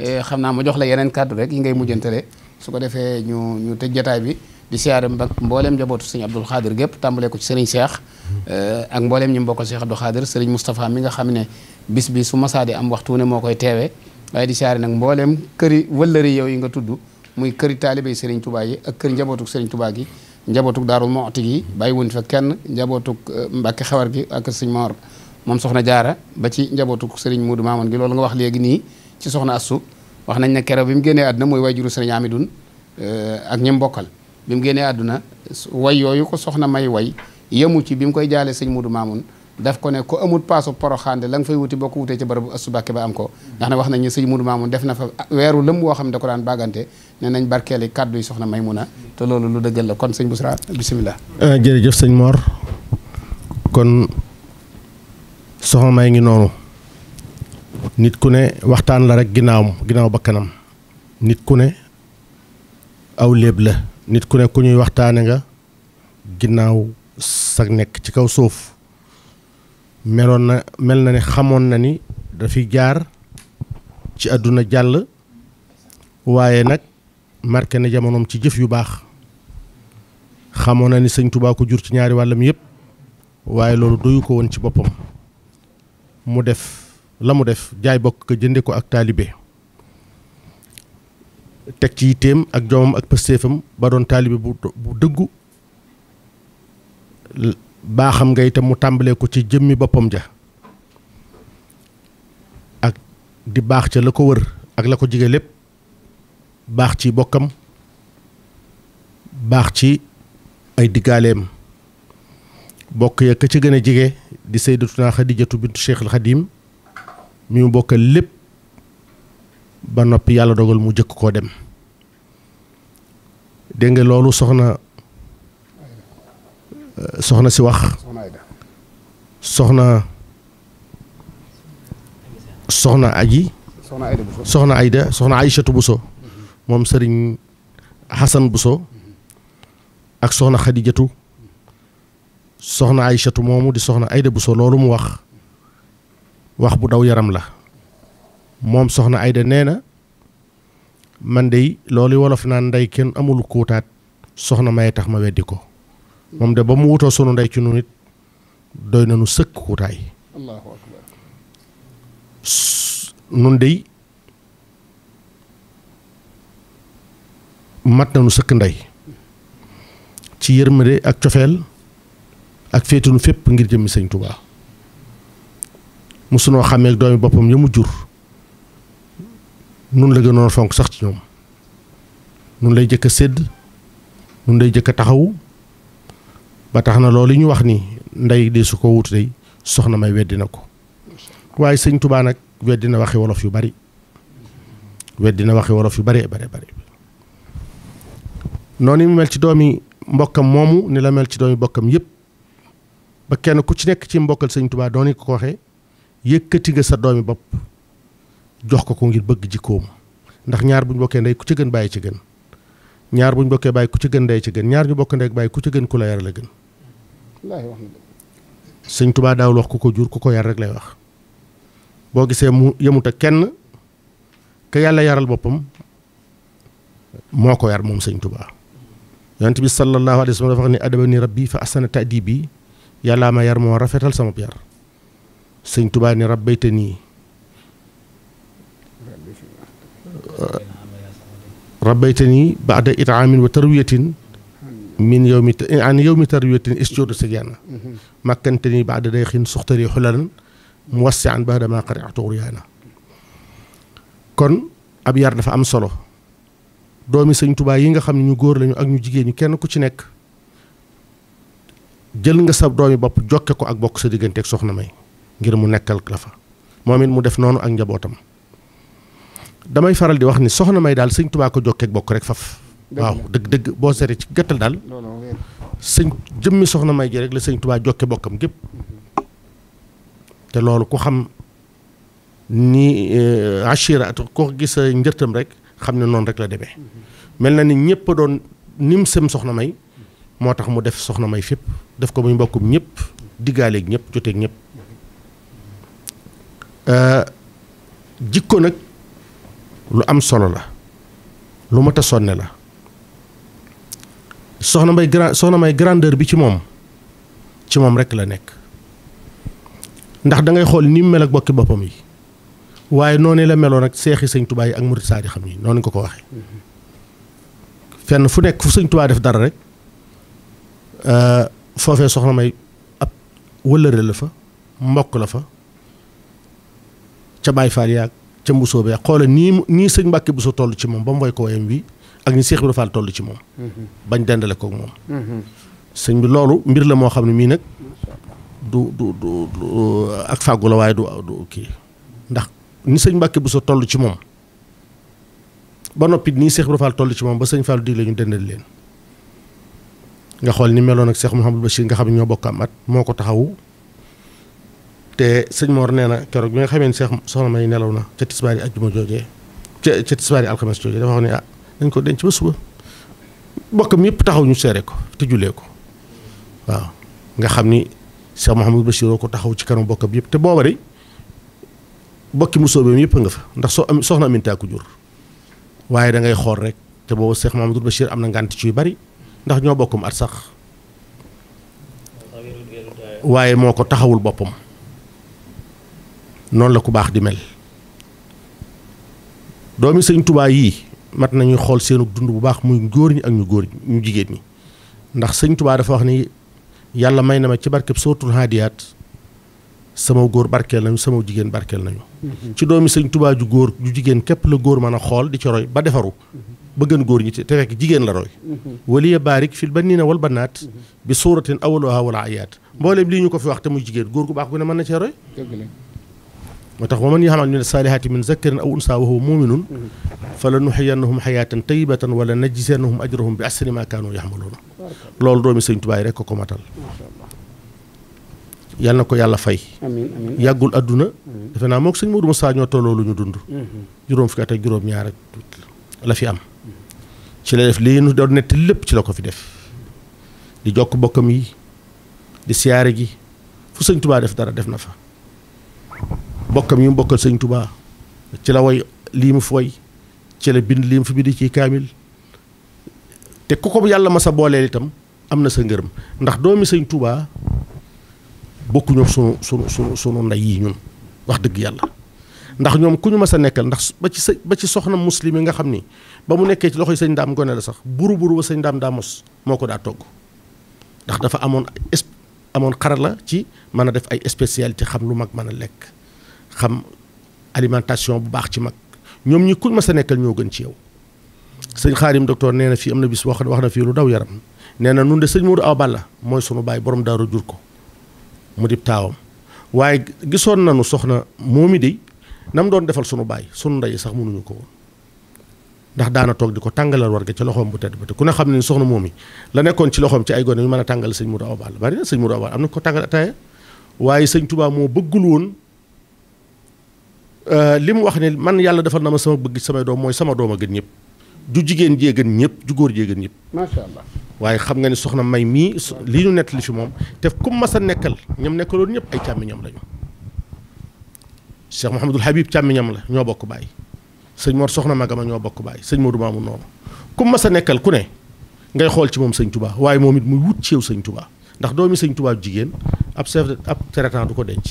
eh, xam naa ma jox la yeneen kàddu rek yi ngay mujjantale su ko defee ñu ñu tëj jotaay bi di siyaare mbak mbooleem njabootu sëñ Abdul Xaadir gépp tàmbalee ko ci sëriñ Cheikh euh, ak mbooleem ñi mbokk Cheikh Abdul Xaadir sëriñ Moustapha mi nga xam ne bis bi su masaadi am waxtu ne moo koy teewee waaye di siyaare nag mbooleem këri wëllëri yow yi nga tudd muy këri taalibey sëriñ Touba yi ak kër njabootuk sëriñ Touba gi njabootuk Daarul Muxti gi bàyyi wuñ fa kenn njabootuk euh, Mbàkke Xewar gi ak sëñ Mor moom soxna jaara ba ci njabootuk sëriñ Muudu Maamoon gi loolu nga wax léegi nii ci soxna Assu wax nañ ne keroog bi mu génnee àdduna mooy waajuru sëriñ Amidun euh, ak ñi mbokkal bi mu génnee àdduna way yooyu ko soxna may way yëmu ci bi mu koy jaale sëñ Mudu Maamun daf ko ne ko amut paasu poroxaande la nga fay wuti boo ko wutee ca barabu asubàkke ba am ko ndax ne wax nañu sëñ Mudu Maamun def na fa weeru lëm woo xam ne da ko daan bagante ne nañ barkeeli kàddu yi soxna may mun a te loolu lu dëggal la kon sëñ Busra bisimilah euh, jëf sëñ moor kon soxna may ngi noonu nit ku ne waxtaan la rek ginnaawam ginnaaw bakkanam nit ku ne aw léeb nit ku ne ku ñuy waxtaane nga ginnaaw sag nekk ci kaw suuf meloon na mel na ne xamoon na ni dafi jaar ci àdduna jàll waaye nag marke na jamonoom ci jëf yu baax xamoon na ni sëñ tubaaku jur ci ñaari wàllam yëpp waaye loolu doyu ko woon ci boppam mu def la mu def jaay bokk ko jënde ko ak taalibe teg ci yitteem ak jomam ak pëstéefam ba doon taalibe bu bu dëggu baaxam nga itam mu tàmbalee ko ci jëmmi boppam ja ak di baax ca la ko wër ak la ko jige lépp baax ci bokkam baax ci ay diggaaleem bokk ya ka ci gën a jige di Sayyidatuna Xadijatu bintu Cheikhul Xadim mi mu bokkal lépp ba noppi yàlla dogal mu jëkk koo dem dégg nga loolu soxna euh, soxna si wax soxna soxna aji soxna Ayda soxna Aïchatu Bousso moom sëriñ Xasan Bousso ak soxna Xadijatu soxna Aïchatu moomu di soxna Ayda Bousso loolu mu wax wax bu daw yaram la moom soxna Ayda nee na man de loolu wolof naan ndey kenn amul kuutaat soxna may tax ma weddi ko moom de ba mu wutoo sunu ndey ci nu nit doy na sëkk kuutaay nun dey sëkk ndey ci yërmande ak cofeel ak féetunu fépp ngir jëmmi sëñ Tuubaa musunoo xàmmeek doomi boppam yi mu jur nun la gënoon fonk sax ci ñoom nun lay jëkk a sédd nun lay jëkk a taxawu ba tax na loolu ñu wax ni ndey de su ko wut day soxna may weddi na ko waaye sëñ Tuubaa nag weddi na waxi wolof yu bari weddi na waxi wolof yu bari bari bari noonu mu mel ci doomi mbokkam moomu ni la mel ci doomi mbokkam yëpp ba kenn ku ci nekk ci mbokkal sañ tubaa doo ko ko waxee yëkkati nga sa doomi bopp jox ko ko ngir bëgg jikkoom ndax ñaar buñ bokkee ndey ku ci gën bàyyi ci gën ñaar buñ bàyyi ku ci gën ci gën ñaar ñu bokk ndey bàyyi ku ci gën ku la yar la gën sëñ Tuubaa daawul wax ku ko jur ku ko yar rek lay wax boo gisee mu yemut ak kenn ka yàlla yaral boppam moo ko yar moom sëñ Tuubaa yonent bi sallallahu alayhi wa sallam dafa wax ni adaba ni rabbi fa asana moo rafetal sama yar ni nii rabbaytani baada itaamin wa tarwiyatin min yawmi an yawmi tarwiyatin isjudu sigyana makkantani baada dayxin suxtari xulalan muwassian baada ma qariatu uryaana kon ab yar dafa am solo doomi sëñ tubaay yi nga xam ne ñu góor lañu ak ñu jigéen ñi kenn ku ci nekk jël nga sa doomi bopp jokke ko ak bokk sa digganteeg soxna may ngir mu nekkal la fa moom it mu def noonu ak njabootam damay faral di wax ni soxna may daal sëñ tubaa ko jokkeeg bokk rek faf waaw dëgg dëgg boo seetee ci gàttal daal sëñ jëmmi soxna may ji rek la sëñ tubaa jokke bokkam gépp te loolu ku xam ni euh, achira at ko gis njërtam rek xam ne noonu rek la demee mel na ni ñëpp doon nim sem soxna may moo tax mu def soxna may fépp def ko muy mbokkum ñëpp diggaaleeg ñëpp joteeg ñëpp euh, jikko nag lu am solo la lu mat a sonne la soxna may grand soxna may grandeur bi ci moom ci moom rekk la nekk ndax da ngay xool ni mu mel ak bokki boppam yi waaye noonu la meloon ak seexi sëñ Tuubaa yi ak murit saadi xam yi noonu nga ko waxe fenn fu nekk fu sëñ Tuubaa def dara rek euh, foofee soxna may ab wëllëre la fa mbokk la fa ca Baay Faal yaag ca Mbusoo bee xoole nii nii sëñ Mbàkke Buso tollu ci moom ba mu woy ko ak ñi Seex Ibra ci moom mm-hmm. dendale kook moom mm-hmm. sëñ loolu mbir la moo xam ne mii nag du du du ak kii ndax ni sëñ Mbàkke Buso toll ci moom ba noppi nii Seex Ibra Faal toll ci moom ba sëñ Faalu digle ñu dendal leen nga xool ni meloon ak Seex Muhammadu Bachir nga xam ne ñoo bokk am at moo ko taxawu te sëñ Mor nee na keroog bi nga xamee ne seex soxna may nelaw na ca tisbaari ajjuma joojee ca ca tisbaari alxames joojee dafa wax ne ah dañ ko denc ba suba bokkam yëpp taxaw ñu seere ko te jullee ko waaw nga xam ni seex Mouhamadou Bachir ko taxaw ci kanam bokkam yëpp te booba de bokki mu soobeem yëpp nga fa ndax soo soxna Aminta ku jur waaye da ngay xool rek te booba seex Mouhamadou Bachir am na ngànt ci yu bari ndax ñoo bokkum at sax waaye moo ko taxawul boppam. noonu la ku baax di mel doomi sëñ Tuubaa yii mat nañuy xool seenu dund bu baax muy góor ñi ak ñu góor ñu jigéen ñi ndax sëñ Tuubaa dafa wax ni yàlla may na ma ci barkeb sootul haadiyaat sama góor barkeel nañu sama jigéen barkeel nañu mm-hmm. ci doomi sëñ Tuubaa ju góor ju jigéen képp la góor mën a xool di ci roy ba defaru mm-hmm. ba gën góor ñi te fekk jigéen la roy mm-hmm. waliya baarik fil banniina wal bannaat bi suuratin awwaluhaa wal aayaat mbooleem lii ñu ko fi wax te muy jigéen góor gu baax gu ne mën na cee moo tax wa man yaxmal min saalihaati min zakarin aw unsaa wa huwa muminun mhm. fa la nuxiyannahum xayaatan tayibatan wala najziyannahum ajrahum bi ahsani ma kaanu yaxmaluuna loolu doomi sëñ Tuubaa rek ko ko matal yal na ko yàlla fay yàggul àdduna mhm. defe naa mook sëñ Moodu Musaa ñoo tolloo lu ñu dund mhm. juróom fukki at ak juróom ñaar ak la fi am ci la def lii nu doon nett lépp ci la ko fi def di jokk bokkam yi di siyaare gi fu sëñ Tuubaa def dara def na fa bokkam yi mu bokkal sëñ Touba ci la way lii mu fooy ci la bind lii mu fi bindi ci kaamil te ku ko yàlla ma sa booleel itam am na sa ngërëm ndax doomi sëñ Touba bokkuñu sunu sunu sunu sunu ndey yi ñun wax dëgg yàlla ndax ñoom ku ñu mës a nekkal ndax ba ci ba ci soxna muslim yi nga xam ni ba mu nekkee ci loxoy sëñ daam gone la sax buru buru ba sëñ daa mos moo ko daa togg ndax dafa amoon amoon xarala ci mën a def ay spécialité xam lu mag mën a lekk xam alimentation bu baax ci mag ñoom ñi kuñ ma sa nekkal ñoo gën ci yow sëñ xaarim docteur nee na fii am na bis wax na fii lu daw yaram neena na nun de sëñ Modou Awa Balla mooy sunu baay borom daaru jur ko mu dib taawam waaye gisoon nañu soxna moomi de nam doon defal sunu baay sunu ndey sax mënuñu ko woon ndax daana toog di ko tàngalal war ga ci loxoom bu tedd ba te ku ne xam ne ni soxna moomi la nekkoon ci loxoom ci ay gone ñu mën a tàngal sëñ Modou Awa Balla bari na sëñ Modou Awa Balla am na ko tàngal ataaya waaye sëñ Tuubaa moo bëggul woon Euh, li mu wax ne man yàlla defal na ma sama bëgg samay doom mooy sama doom a gën ñëpp ju jigéen jee gën ñëpp ju góor jee gën ñëpp. macha waaye xam nga ni soxna May mii li ñu nettali fi moom te ku ma sa nekkal ñoom nekkaloon ñëpp ay càmmiñam lañu. Cheikh Mouhamadul Habib càmmiñam la ñoo bokk bàyyi sëñ Mor soxna Magama ñoo bokk bàyyi sëñ Modou Mamoun noonu ku ma sa nekkal ku ne ngay xool ci moom sëñ Touba waaye moom it muy wut ci sañ tubaa Touba ndax doomi sëñ Touba jigéen ab chef de ab traitant du ko denc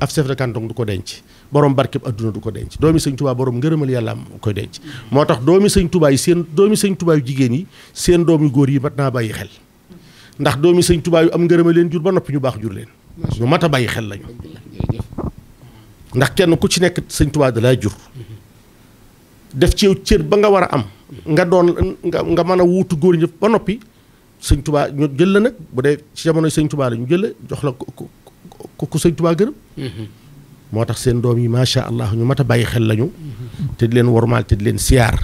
ab chef de du ko denc borom barkeb adduna du ko denc doomi sëñ tubaa borom ngërëmal yàlla am koy denc moo tax doomi sëñ tubaa yi seen doomi sëñ tubaa yu jigéen yi seen doom yu góor yi mat naa bàyyi xel ndax doomi sëñ tubaa yu am ngërëmal leen jur ba noppi ñu baax jur leen ñu mat a bàyyi xel lañu ndax kenn ku ci nekk sëñ tubaa da def ci cër ba nga war a am nga doon nga mën a wuutu góor ñëpp ba noppi sëñ tubaa ñu jël la nag bu dee ci jamonoy sëñ tubaa la ñu jël la jox la ku ku sëñ tubaa gërëm mm-hmm. moo tax seen doom yi macha allah ñu mat bàyyi xel lañu. te di leen wormaal te di leen siyaar.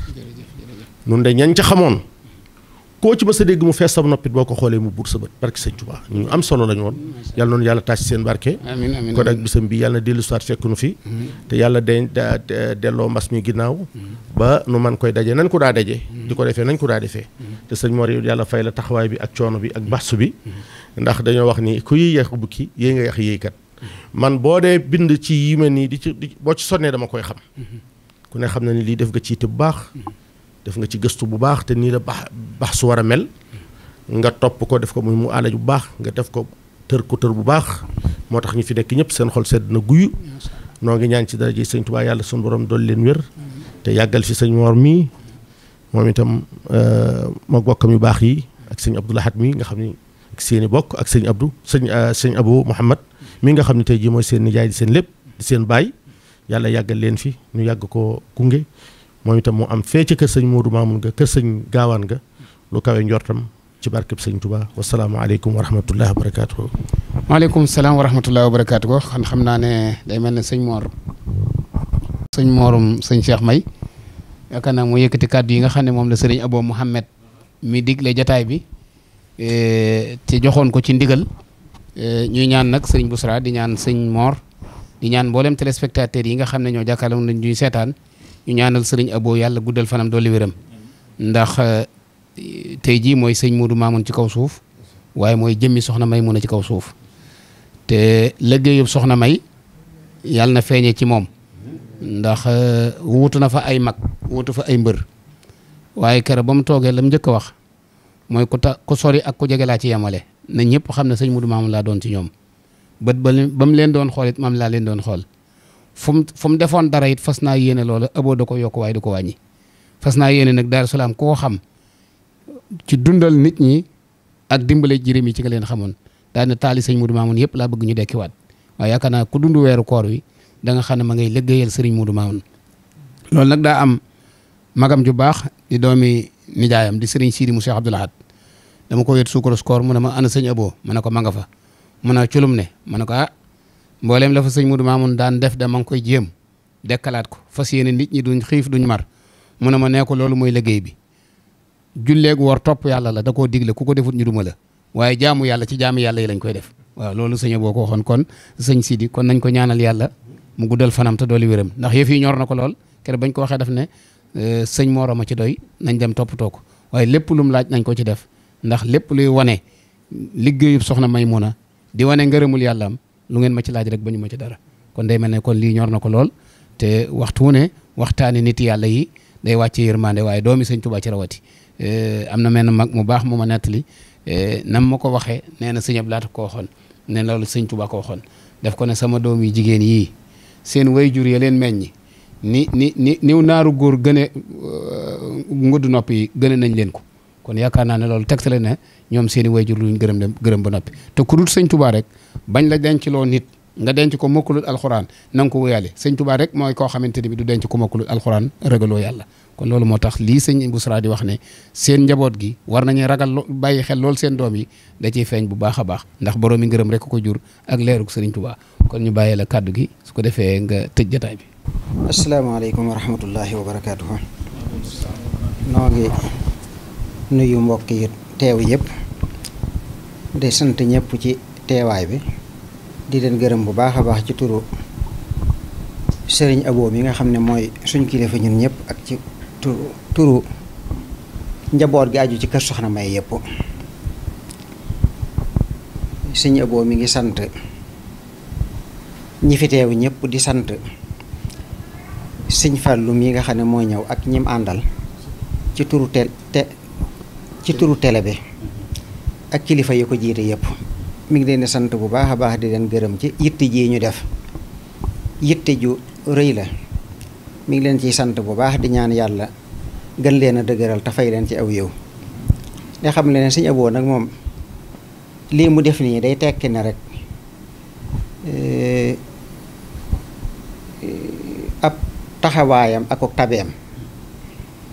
nun de ñañ ca xamoon. koo ba sa dégg mu fees bu noppit boo ko xoolee mu buur sa bët barke sëñ Tuubaa ñu am solo lañu woon yàlla noonu yàlla tàcc seen barke kon ak bisam bi yàlla dellu soit fekk nu fi te yàlla de delloo mbas mi ginnaaw ba nu man koy daje nañ ko daa daje di ko defee nañ ko daa defee te sëñ Mor yàlla fay la taxawaay bi ak coono bi ak bastu bi ndax dañoo wax ni ku yiy yeex bukki yéey nga yax man boo dee bind ci yi mel nii di ci boo ci sonnee dama koy xam ku ne xam na ni lii def nga ci yitte bu baax def nga ci gëstu bu baax te nii la baax baax su war a mel nga topp ko def ko muy mu alaj bu baax nga def ko tër ko tër bu baax moo tax ñu fi nekk ñëpp seen xol sedd na guyu noo ngi ñaan ci daraje sëñ Tuubaa yàlla suñ borom dool leen wér te yàggal fi sëñ Mor mi moom itam euh, ma bokkam yu baax yi ak sëñ Abdou Lahad mii nga xam ni ak seeni bokk ak sëñ Abdou sëñ euh, sëñ Abou mi nga xam ne tey jii mooy seen nijaay di seen lépp di seen baay yàlla yàggal leen fi ñu yàgg ko gunge moom itam mu am fee ca kër sëñ Modou Mamoun nga kër sëñ gaawaan nga lu kawe njortam ci barkeb sëñ Touba wasalaamaaleykum wa rahmatullahi wa barakaatu. maaleykum salaam wa rahmatullahi ko xam xam naa ne day mel ni sëñ Mor. sëñ Morum sëñ Cheikh May yaakaar naa mu yëkkati kàddu yi nga xam ne moom la sëriñ Abo Mouhamed mi digle jataay bi eh, te joxoon ko ci ndigal. Eh, ñuy ñaan nag sëriñ Bousra di ñaan sëñ moor di ñaan mboolem téléspectateurs yi nga xam ne ñoo jàkkaarloo nañ ñuy seetaan ñu ñaanal sëriñ Abo yàlla guddal fanam dolli wéram ndax eh, tey jii mooy sëñ Modou Mamoun ci kaw suuf waaye mooy jëmmi soxna May mun a ci kaw suuf te liggéeyub soxna May yàlla na feeñe ci moom ndax eh, wuutu na fa ay mag wuutu fa ay mbër waaye kere ba mu toogee la mu njëkk a wax mooy ku ta ku sori ak ku jege laa ci yemale na ñëpp xam ne sëñ Modou Mamoune laa doon ci ñoom bët ba ba mu leen doon xool ma maam laa leen doon xool fu mu fu mu defoon dara it fas naa yéene lool aboo da ko yokk waaye du ko wàññi fas naa yéene nag Daaru Salaam koo xam ci dundal nit ñi ak dimbale jërëm yi ci nga leen xamoon daal taali sëñ Modou Mamoune yëpp laa bëgg ñu dekkiwaat waaye yaakaar naa ku dund weeru koor wi da nga xam ne ma ngay liggéeyal sëriñ Modou Mamoune loolu nag daa am magam ju baax di doomi nijaayam di sëriñ Sidi mu Cheikh Abdoul Ahad dama ko yët suukaru koor mu ne ma ana sëñ aboo ma a ko ma nga fa mu a culum ne ma ne ko ah mbooleem la fa sëñ Mudu Maamun daan def de ma ngi koy jéem dekkalaat ko fas yéene nit ñi duñ xiif duñ mar mu ne ma nee ko loolu mooy liggéey bi julleeg wor topp yàlla la da koo digle ku ko defut ñu duma la waaye jaamu yàlla ci jaamu yàlla yi lañ koy def waaw loolu sëñ boo ko waxoon kon sëñ Sidi kon nañ ko ñaanal yàlla mu guddal fanam te dooli wéram ndax yëf yi ñor na ko lool kere bañ ko waxee daf ne sëñ mooroma ci doy nañ dem toppatoo ko waaye lépp lu laaj nañ ko ci def ndax lépp luy wane liggéeyub soxna may Maymuna di wane ngërëmul yàlla am lu ngeen ma ci laaj rek ba ñu ma ci dara kon day mel ne kon lii ñor na ko lool te waxtu wu ne waxtaani nit yàlla yi day wàcce yërmande waaye doomi sëñ Tuubaa ci rawati eh, am na menn mag mu baax mu ma nettali eh, nam ma ko waxee nee na sëñ Abdu ko waxoon ne loolu sëñ Tuubaa ko waxoon def ko ne sama doom yi jigéen yii seen wayjur ya leen meññi ni ni ni niw naaru góor gëne eh, ngudd nopp yi gëne nañ leen ko kon yaakaar naa ne loolu tegtale ne ñoom seen i wayjur luñ gërëm leen gërëm ba noppi te ku dul sëñ Tuubaa rek bañ la denc loo nit nga denc ko mokkulul alxuraan na nga ko wuyaale sëñ Tuubaa rek mooy koo xamante ne bi du denc ko mokkulul alxuraan ragaloo yàlla kon loolu moo tax lii sëñ Bousra di wax ne seen njaboot gi war na nañuy ragal bàyyi xel lool seen doom yi da ciy feeñ bu baax a baax ndax boroomi ngërëm rek ko jur ak leeruk sëriñ tubaa kon ñu bàyyee la kàddu gi su ko defee nga tëj jataay bi asalaamaaleykum wa rahmatullahi wa barakaatuhu noo ngi nuyu mbokk yi teew yëpp di sant ñëpp ci teewaay bi di leen gërëm bu baax a baax ci turu sëriñ Abo mi nga xam ne mooy suñ kilifa ñun ñëpp ak ci turu njaboot gi aju ci kër Soxna May yëpp sëriñ Abo mi ngi sant ñi fi teew ñëpp di sant sëriñ Fàllu mi nga xam ne mooy ñëw ak ñim àndal ci turu te te ci turu télé bi ak kilifa yi ko jiite yëpp mi ngi leen sant bu baax a baax di leen gërëm ci yitte ji ñu def yitte ju rëy la mu ngi leen ciy sant bu baax di ñaan yàlla gën leen a dëgëral te fay leen ci aw yow nga xam leen ne suñu aboo nag moom lii mu def nii day tekki na rek eh, eh, ab taxawaayam ak tabeem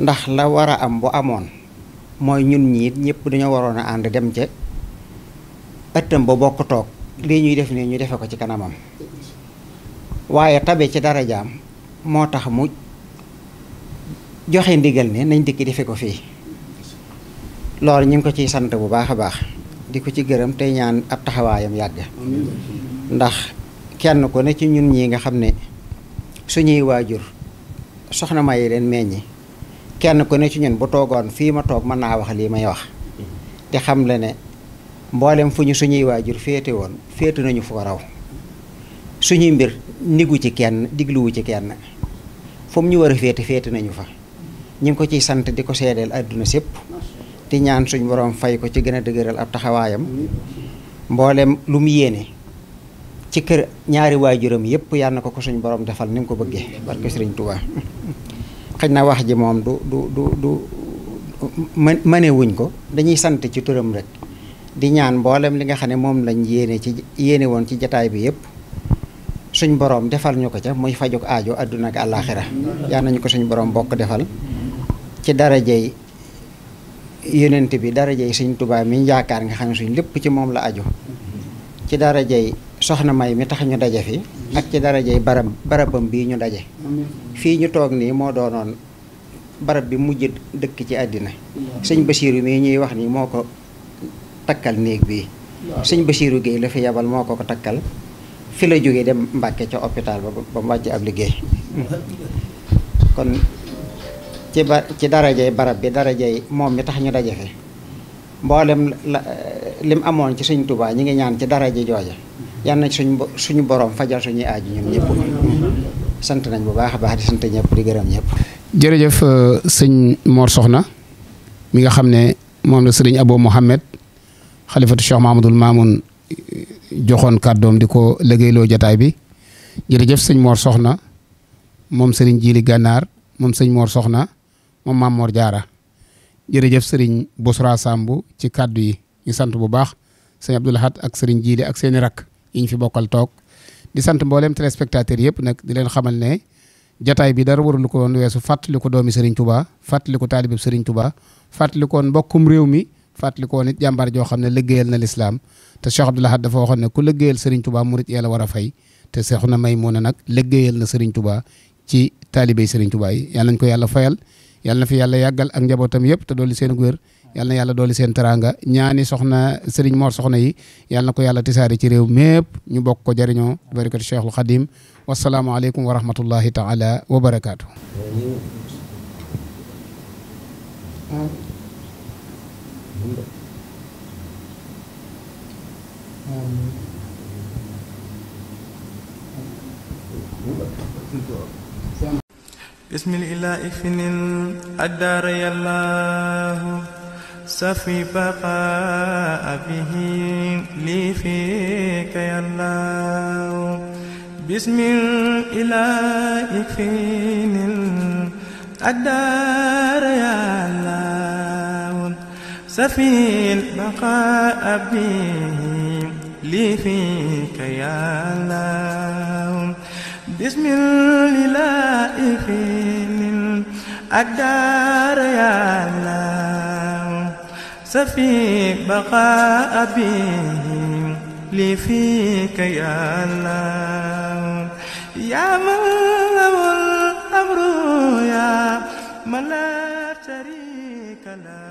ndax la war a am bu amoon. mooy ñun ñiit it ñëpp dañoo waroon a ànd dem ca ëttam ba bokk toog lii ñuy def nii ñu defe ko ci kanamam waaye tabe ci dara jaam moo tax mu joxe ndigal ne nañ dikki defe ko fii loolu ñu ngi ko ciy sant bu baax a baax di ko ci gërëm tey ñaan ab taxawaayam yàgg ndax kenn ku ne ci ñun ñi nga xam ne suñuy waajur soxna ma yi leen meññ kenn ku ne ci ñun bu toogoon fii ma toog mën naa wax lii may wax te xam la ne mboolem fu ñu suñuy waajur féete woon féete nañu fu ko raw suñuy mbir nigu ci kenn digluwu ci kenn fu ñu war a féete féete nañu fa ñu ngi ko ciy sant di ko seedeel àdduna sépp di ñaan suñ borom fay ko ci gën a dëgëral ab taxawaayam mboolem lu mu yéene ci kër ñaari waajuram yëpp yàlla na ko ko suñ borom defal ni mu ko bëggee barke Sëriñ Tuubaa xaj na wax ji moom du du du du mënewuñ ko dañuy sant ci turam rekk di ñaan mboolem li nga xam ne moom lañ yéene ci yéene woon ci jataay bi yëpp suñ boroom defal ñu ko ca muy fajuk ajo àdduna ak àllaaxira yaa nañu ko suñ borom bokk defal ci dara darajey yonent bi dara darajey suñ tubaab mi yaakaar nga xam ne suñ lépp ci moom la ajo ci dara darajey soxna May mi tax ñu daje fi ak ci darajey barab barabam bii ñu daje fii ñu toog nii moo doonoon barab bi mujj dëkk ci àddina sëñ Basiiru mii ñuy wax nii moo ko takkal néeg bi sëñ Basiiru Géey la fi yabal moo ko ko takkal fi la jógee dem Mbàkke ca hôpital ba ba mu ab liggéey kon ci ba ci darajey barab bi darajey moom mi tax ñu daje fi mboolem la lim amoon ci sëñ Tuubaa ñi ngi ñaan ci daraje jooja yal nañ suñu borom fajal suñuy aaju sant nañ bu baax a baax di di gërëm ñëpp. jërëjëf euh, sëñ Mor Soxna mi nga xam ne moom la sëriñ Abo Mouhamed xalifatu Cheikh Mahamadul Mamoun euh, joxoon kàddoom di ko liggéeyloo jataay bi jërëjëf sëñ Mor Soxna moom sëriñ Jili Gànnaar moom sëñ moor Soxna moom Maam Mor Jaara jërëjëf sëriñ Bosra Sambu ci kàddu yi ñu sant bu baax sëñ Abdoul Ahad ak sëriñ Jili ak seeni rakk yi ñu fi bokkal toog di sant mboolem téléspectateur yëpp nag di leen xamal ne jataay bi dara warul ko woon weesu fàttali ko doomi Serigne Touba fàttali ko taalibe Serigne Touba fàttali ko woon mbokkum réew mi fàttali ko woon it jàmbaar joo xam ne liggéeyal na lislaam te Cheikh Abdoul Ahad dafa waxoon ne ku liggéeyal Serigne Touba murit yàlla war a fay te Soxna Maymuna nag liggéeyal na Serigne Touba ci taalibe Serigne Touba yi yàlla nañ ko yàlla fayal yàlla na fi yàlla yàggal ak njabootam yëpp te dolli seen wér yal na yàlla dooli seen teraanga ñaani soxna sëriñ Mor soxna yi yal na ko yàlla tisaari ci réew mépp ñu bokk ko jëriñoo barkat Cheikhul Khadim wasalaamualeykum wa rahmatullahi taala wa سفي بقاء به لي فيك يا الله بسم الإله يكفيني الدار يا الله سفي البقاء به لي فيك يا الله بسم الإله يكفيني الدار يا الله سفي بقاء بهم لي فيك يا الله يا من له الأمر يا من لا شريك له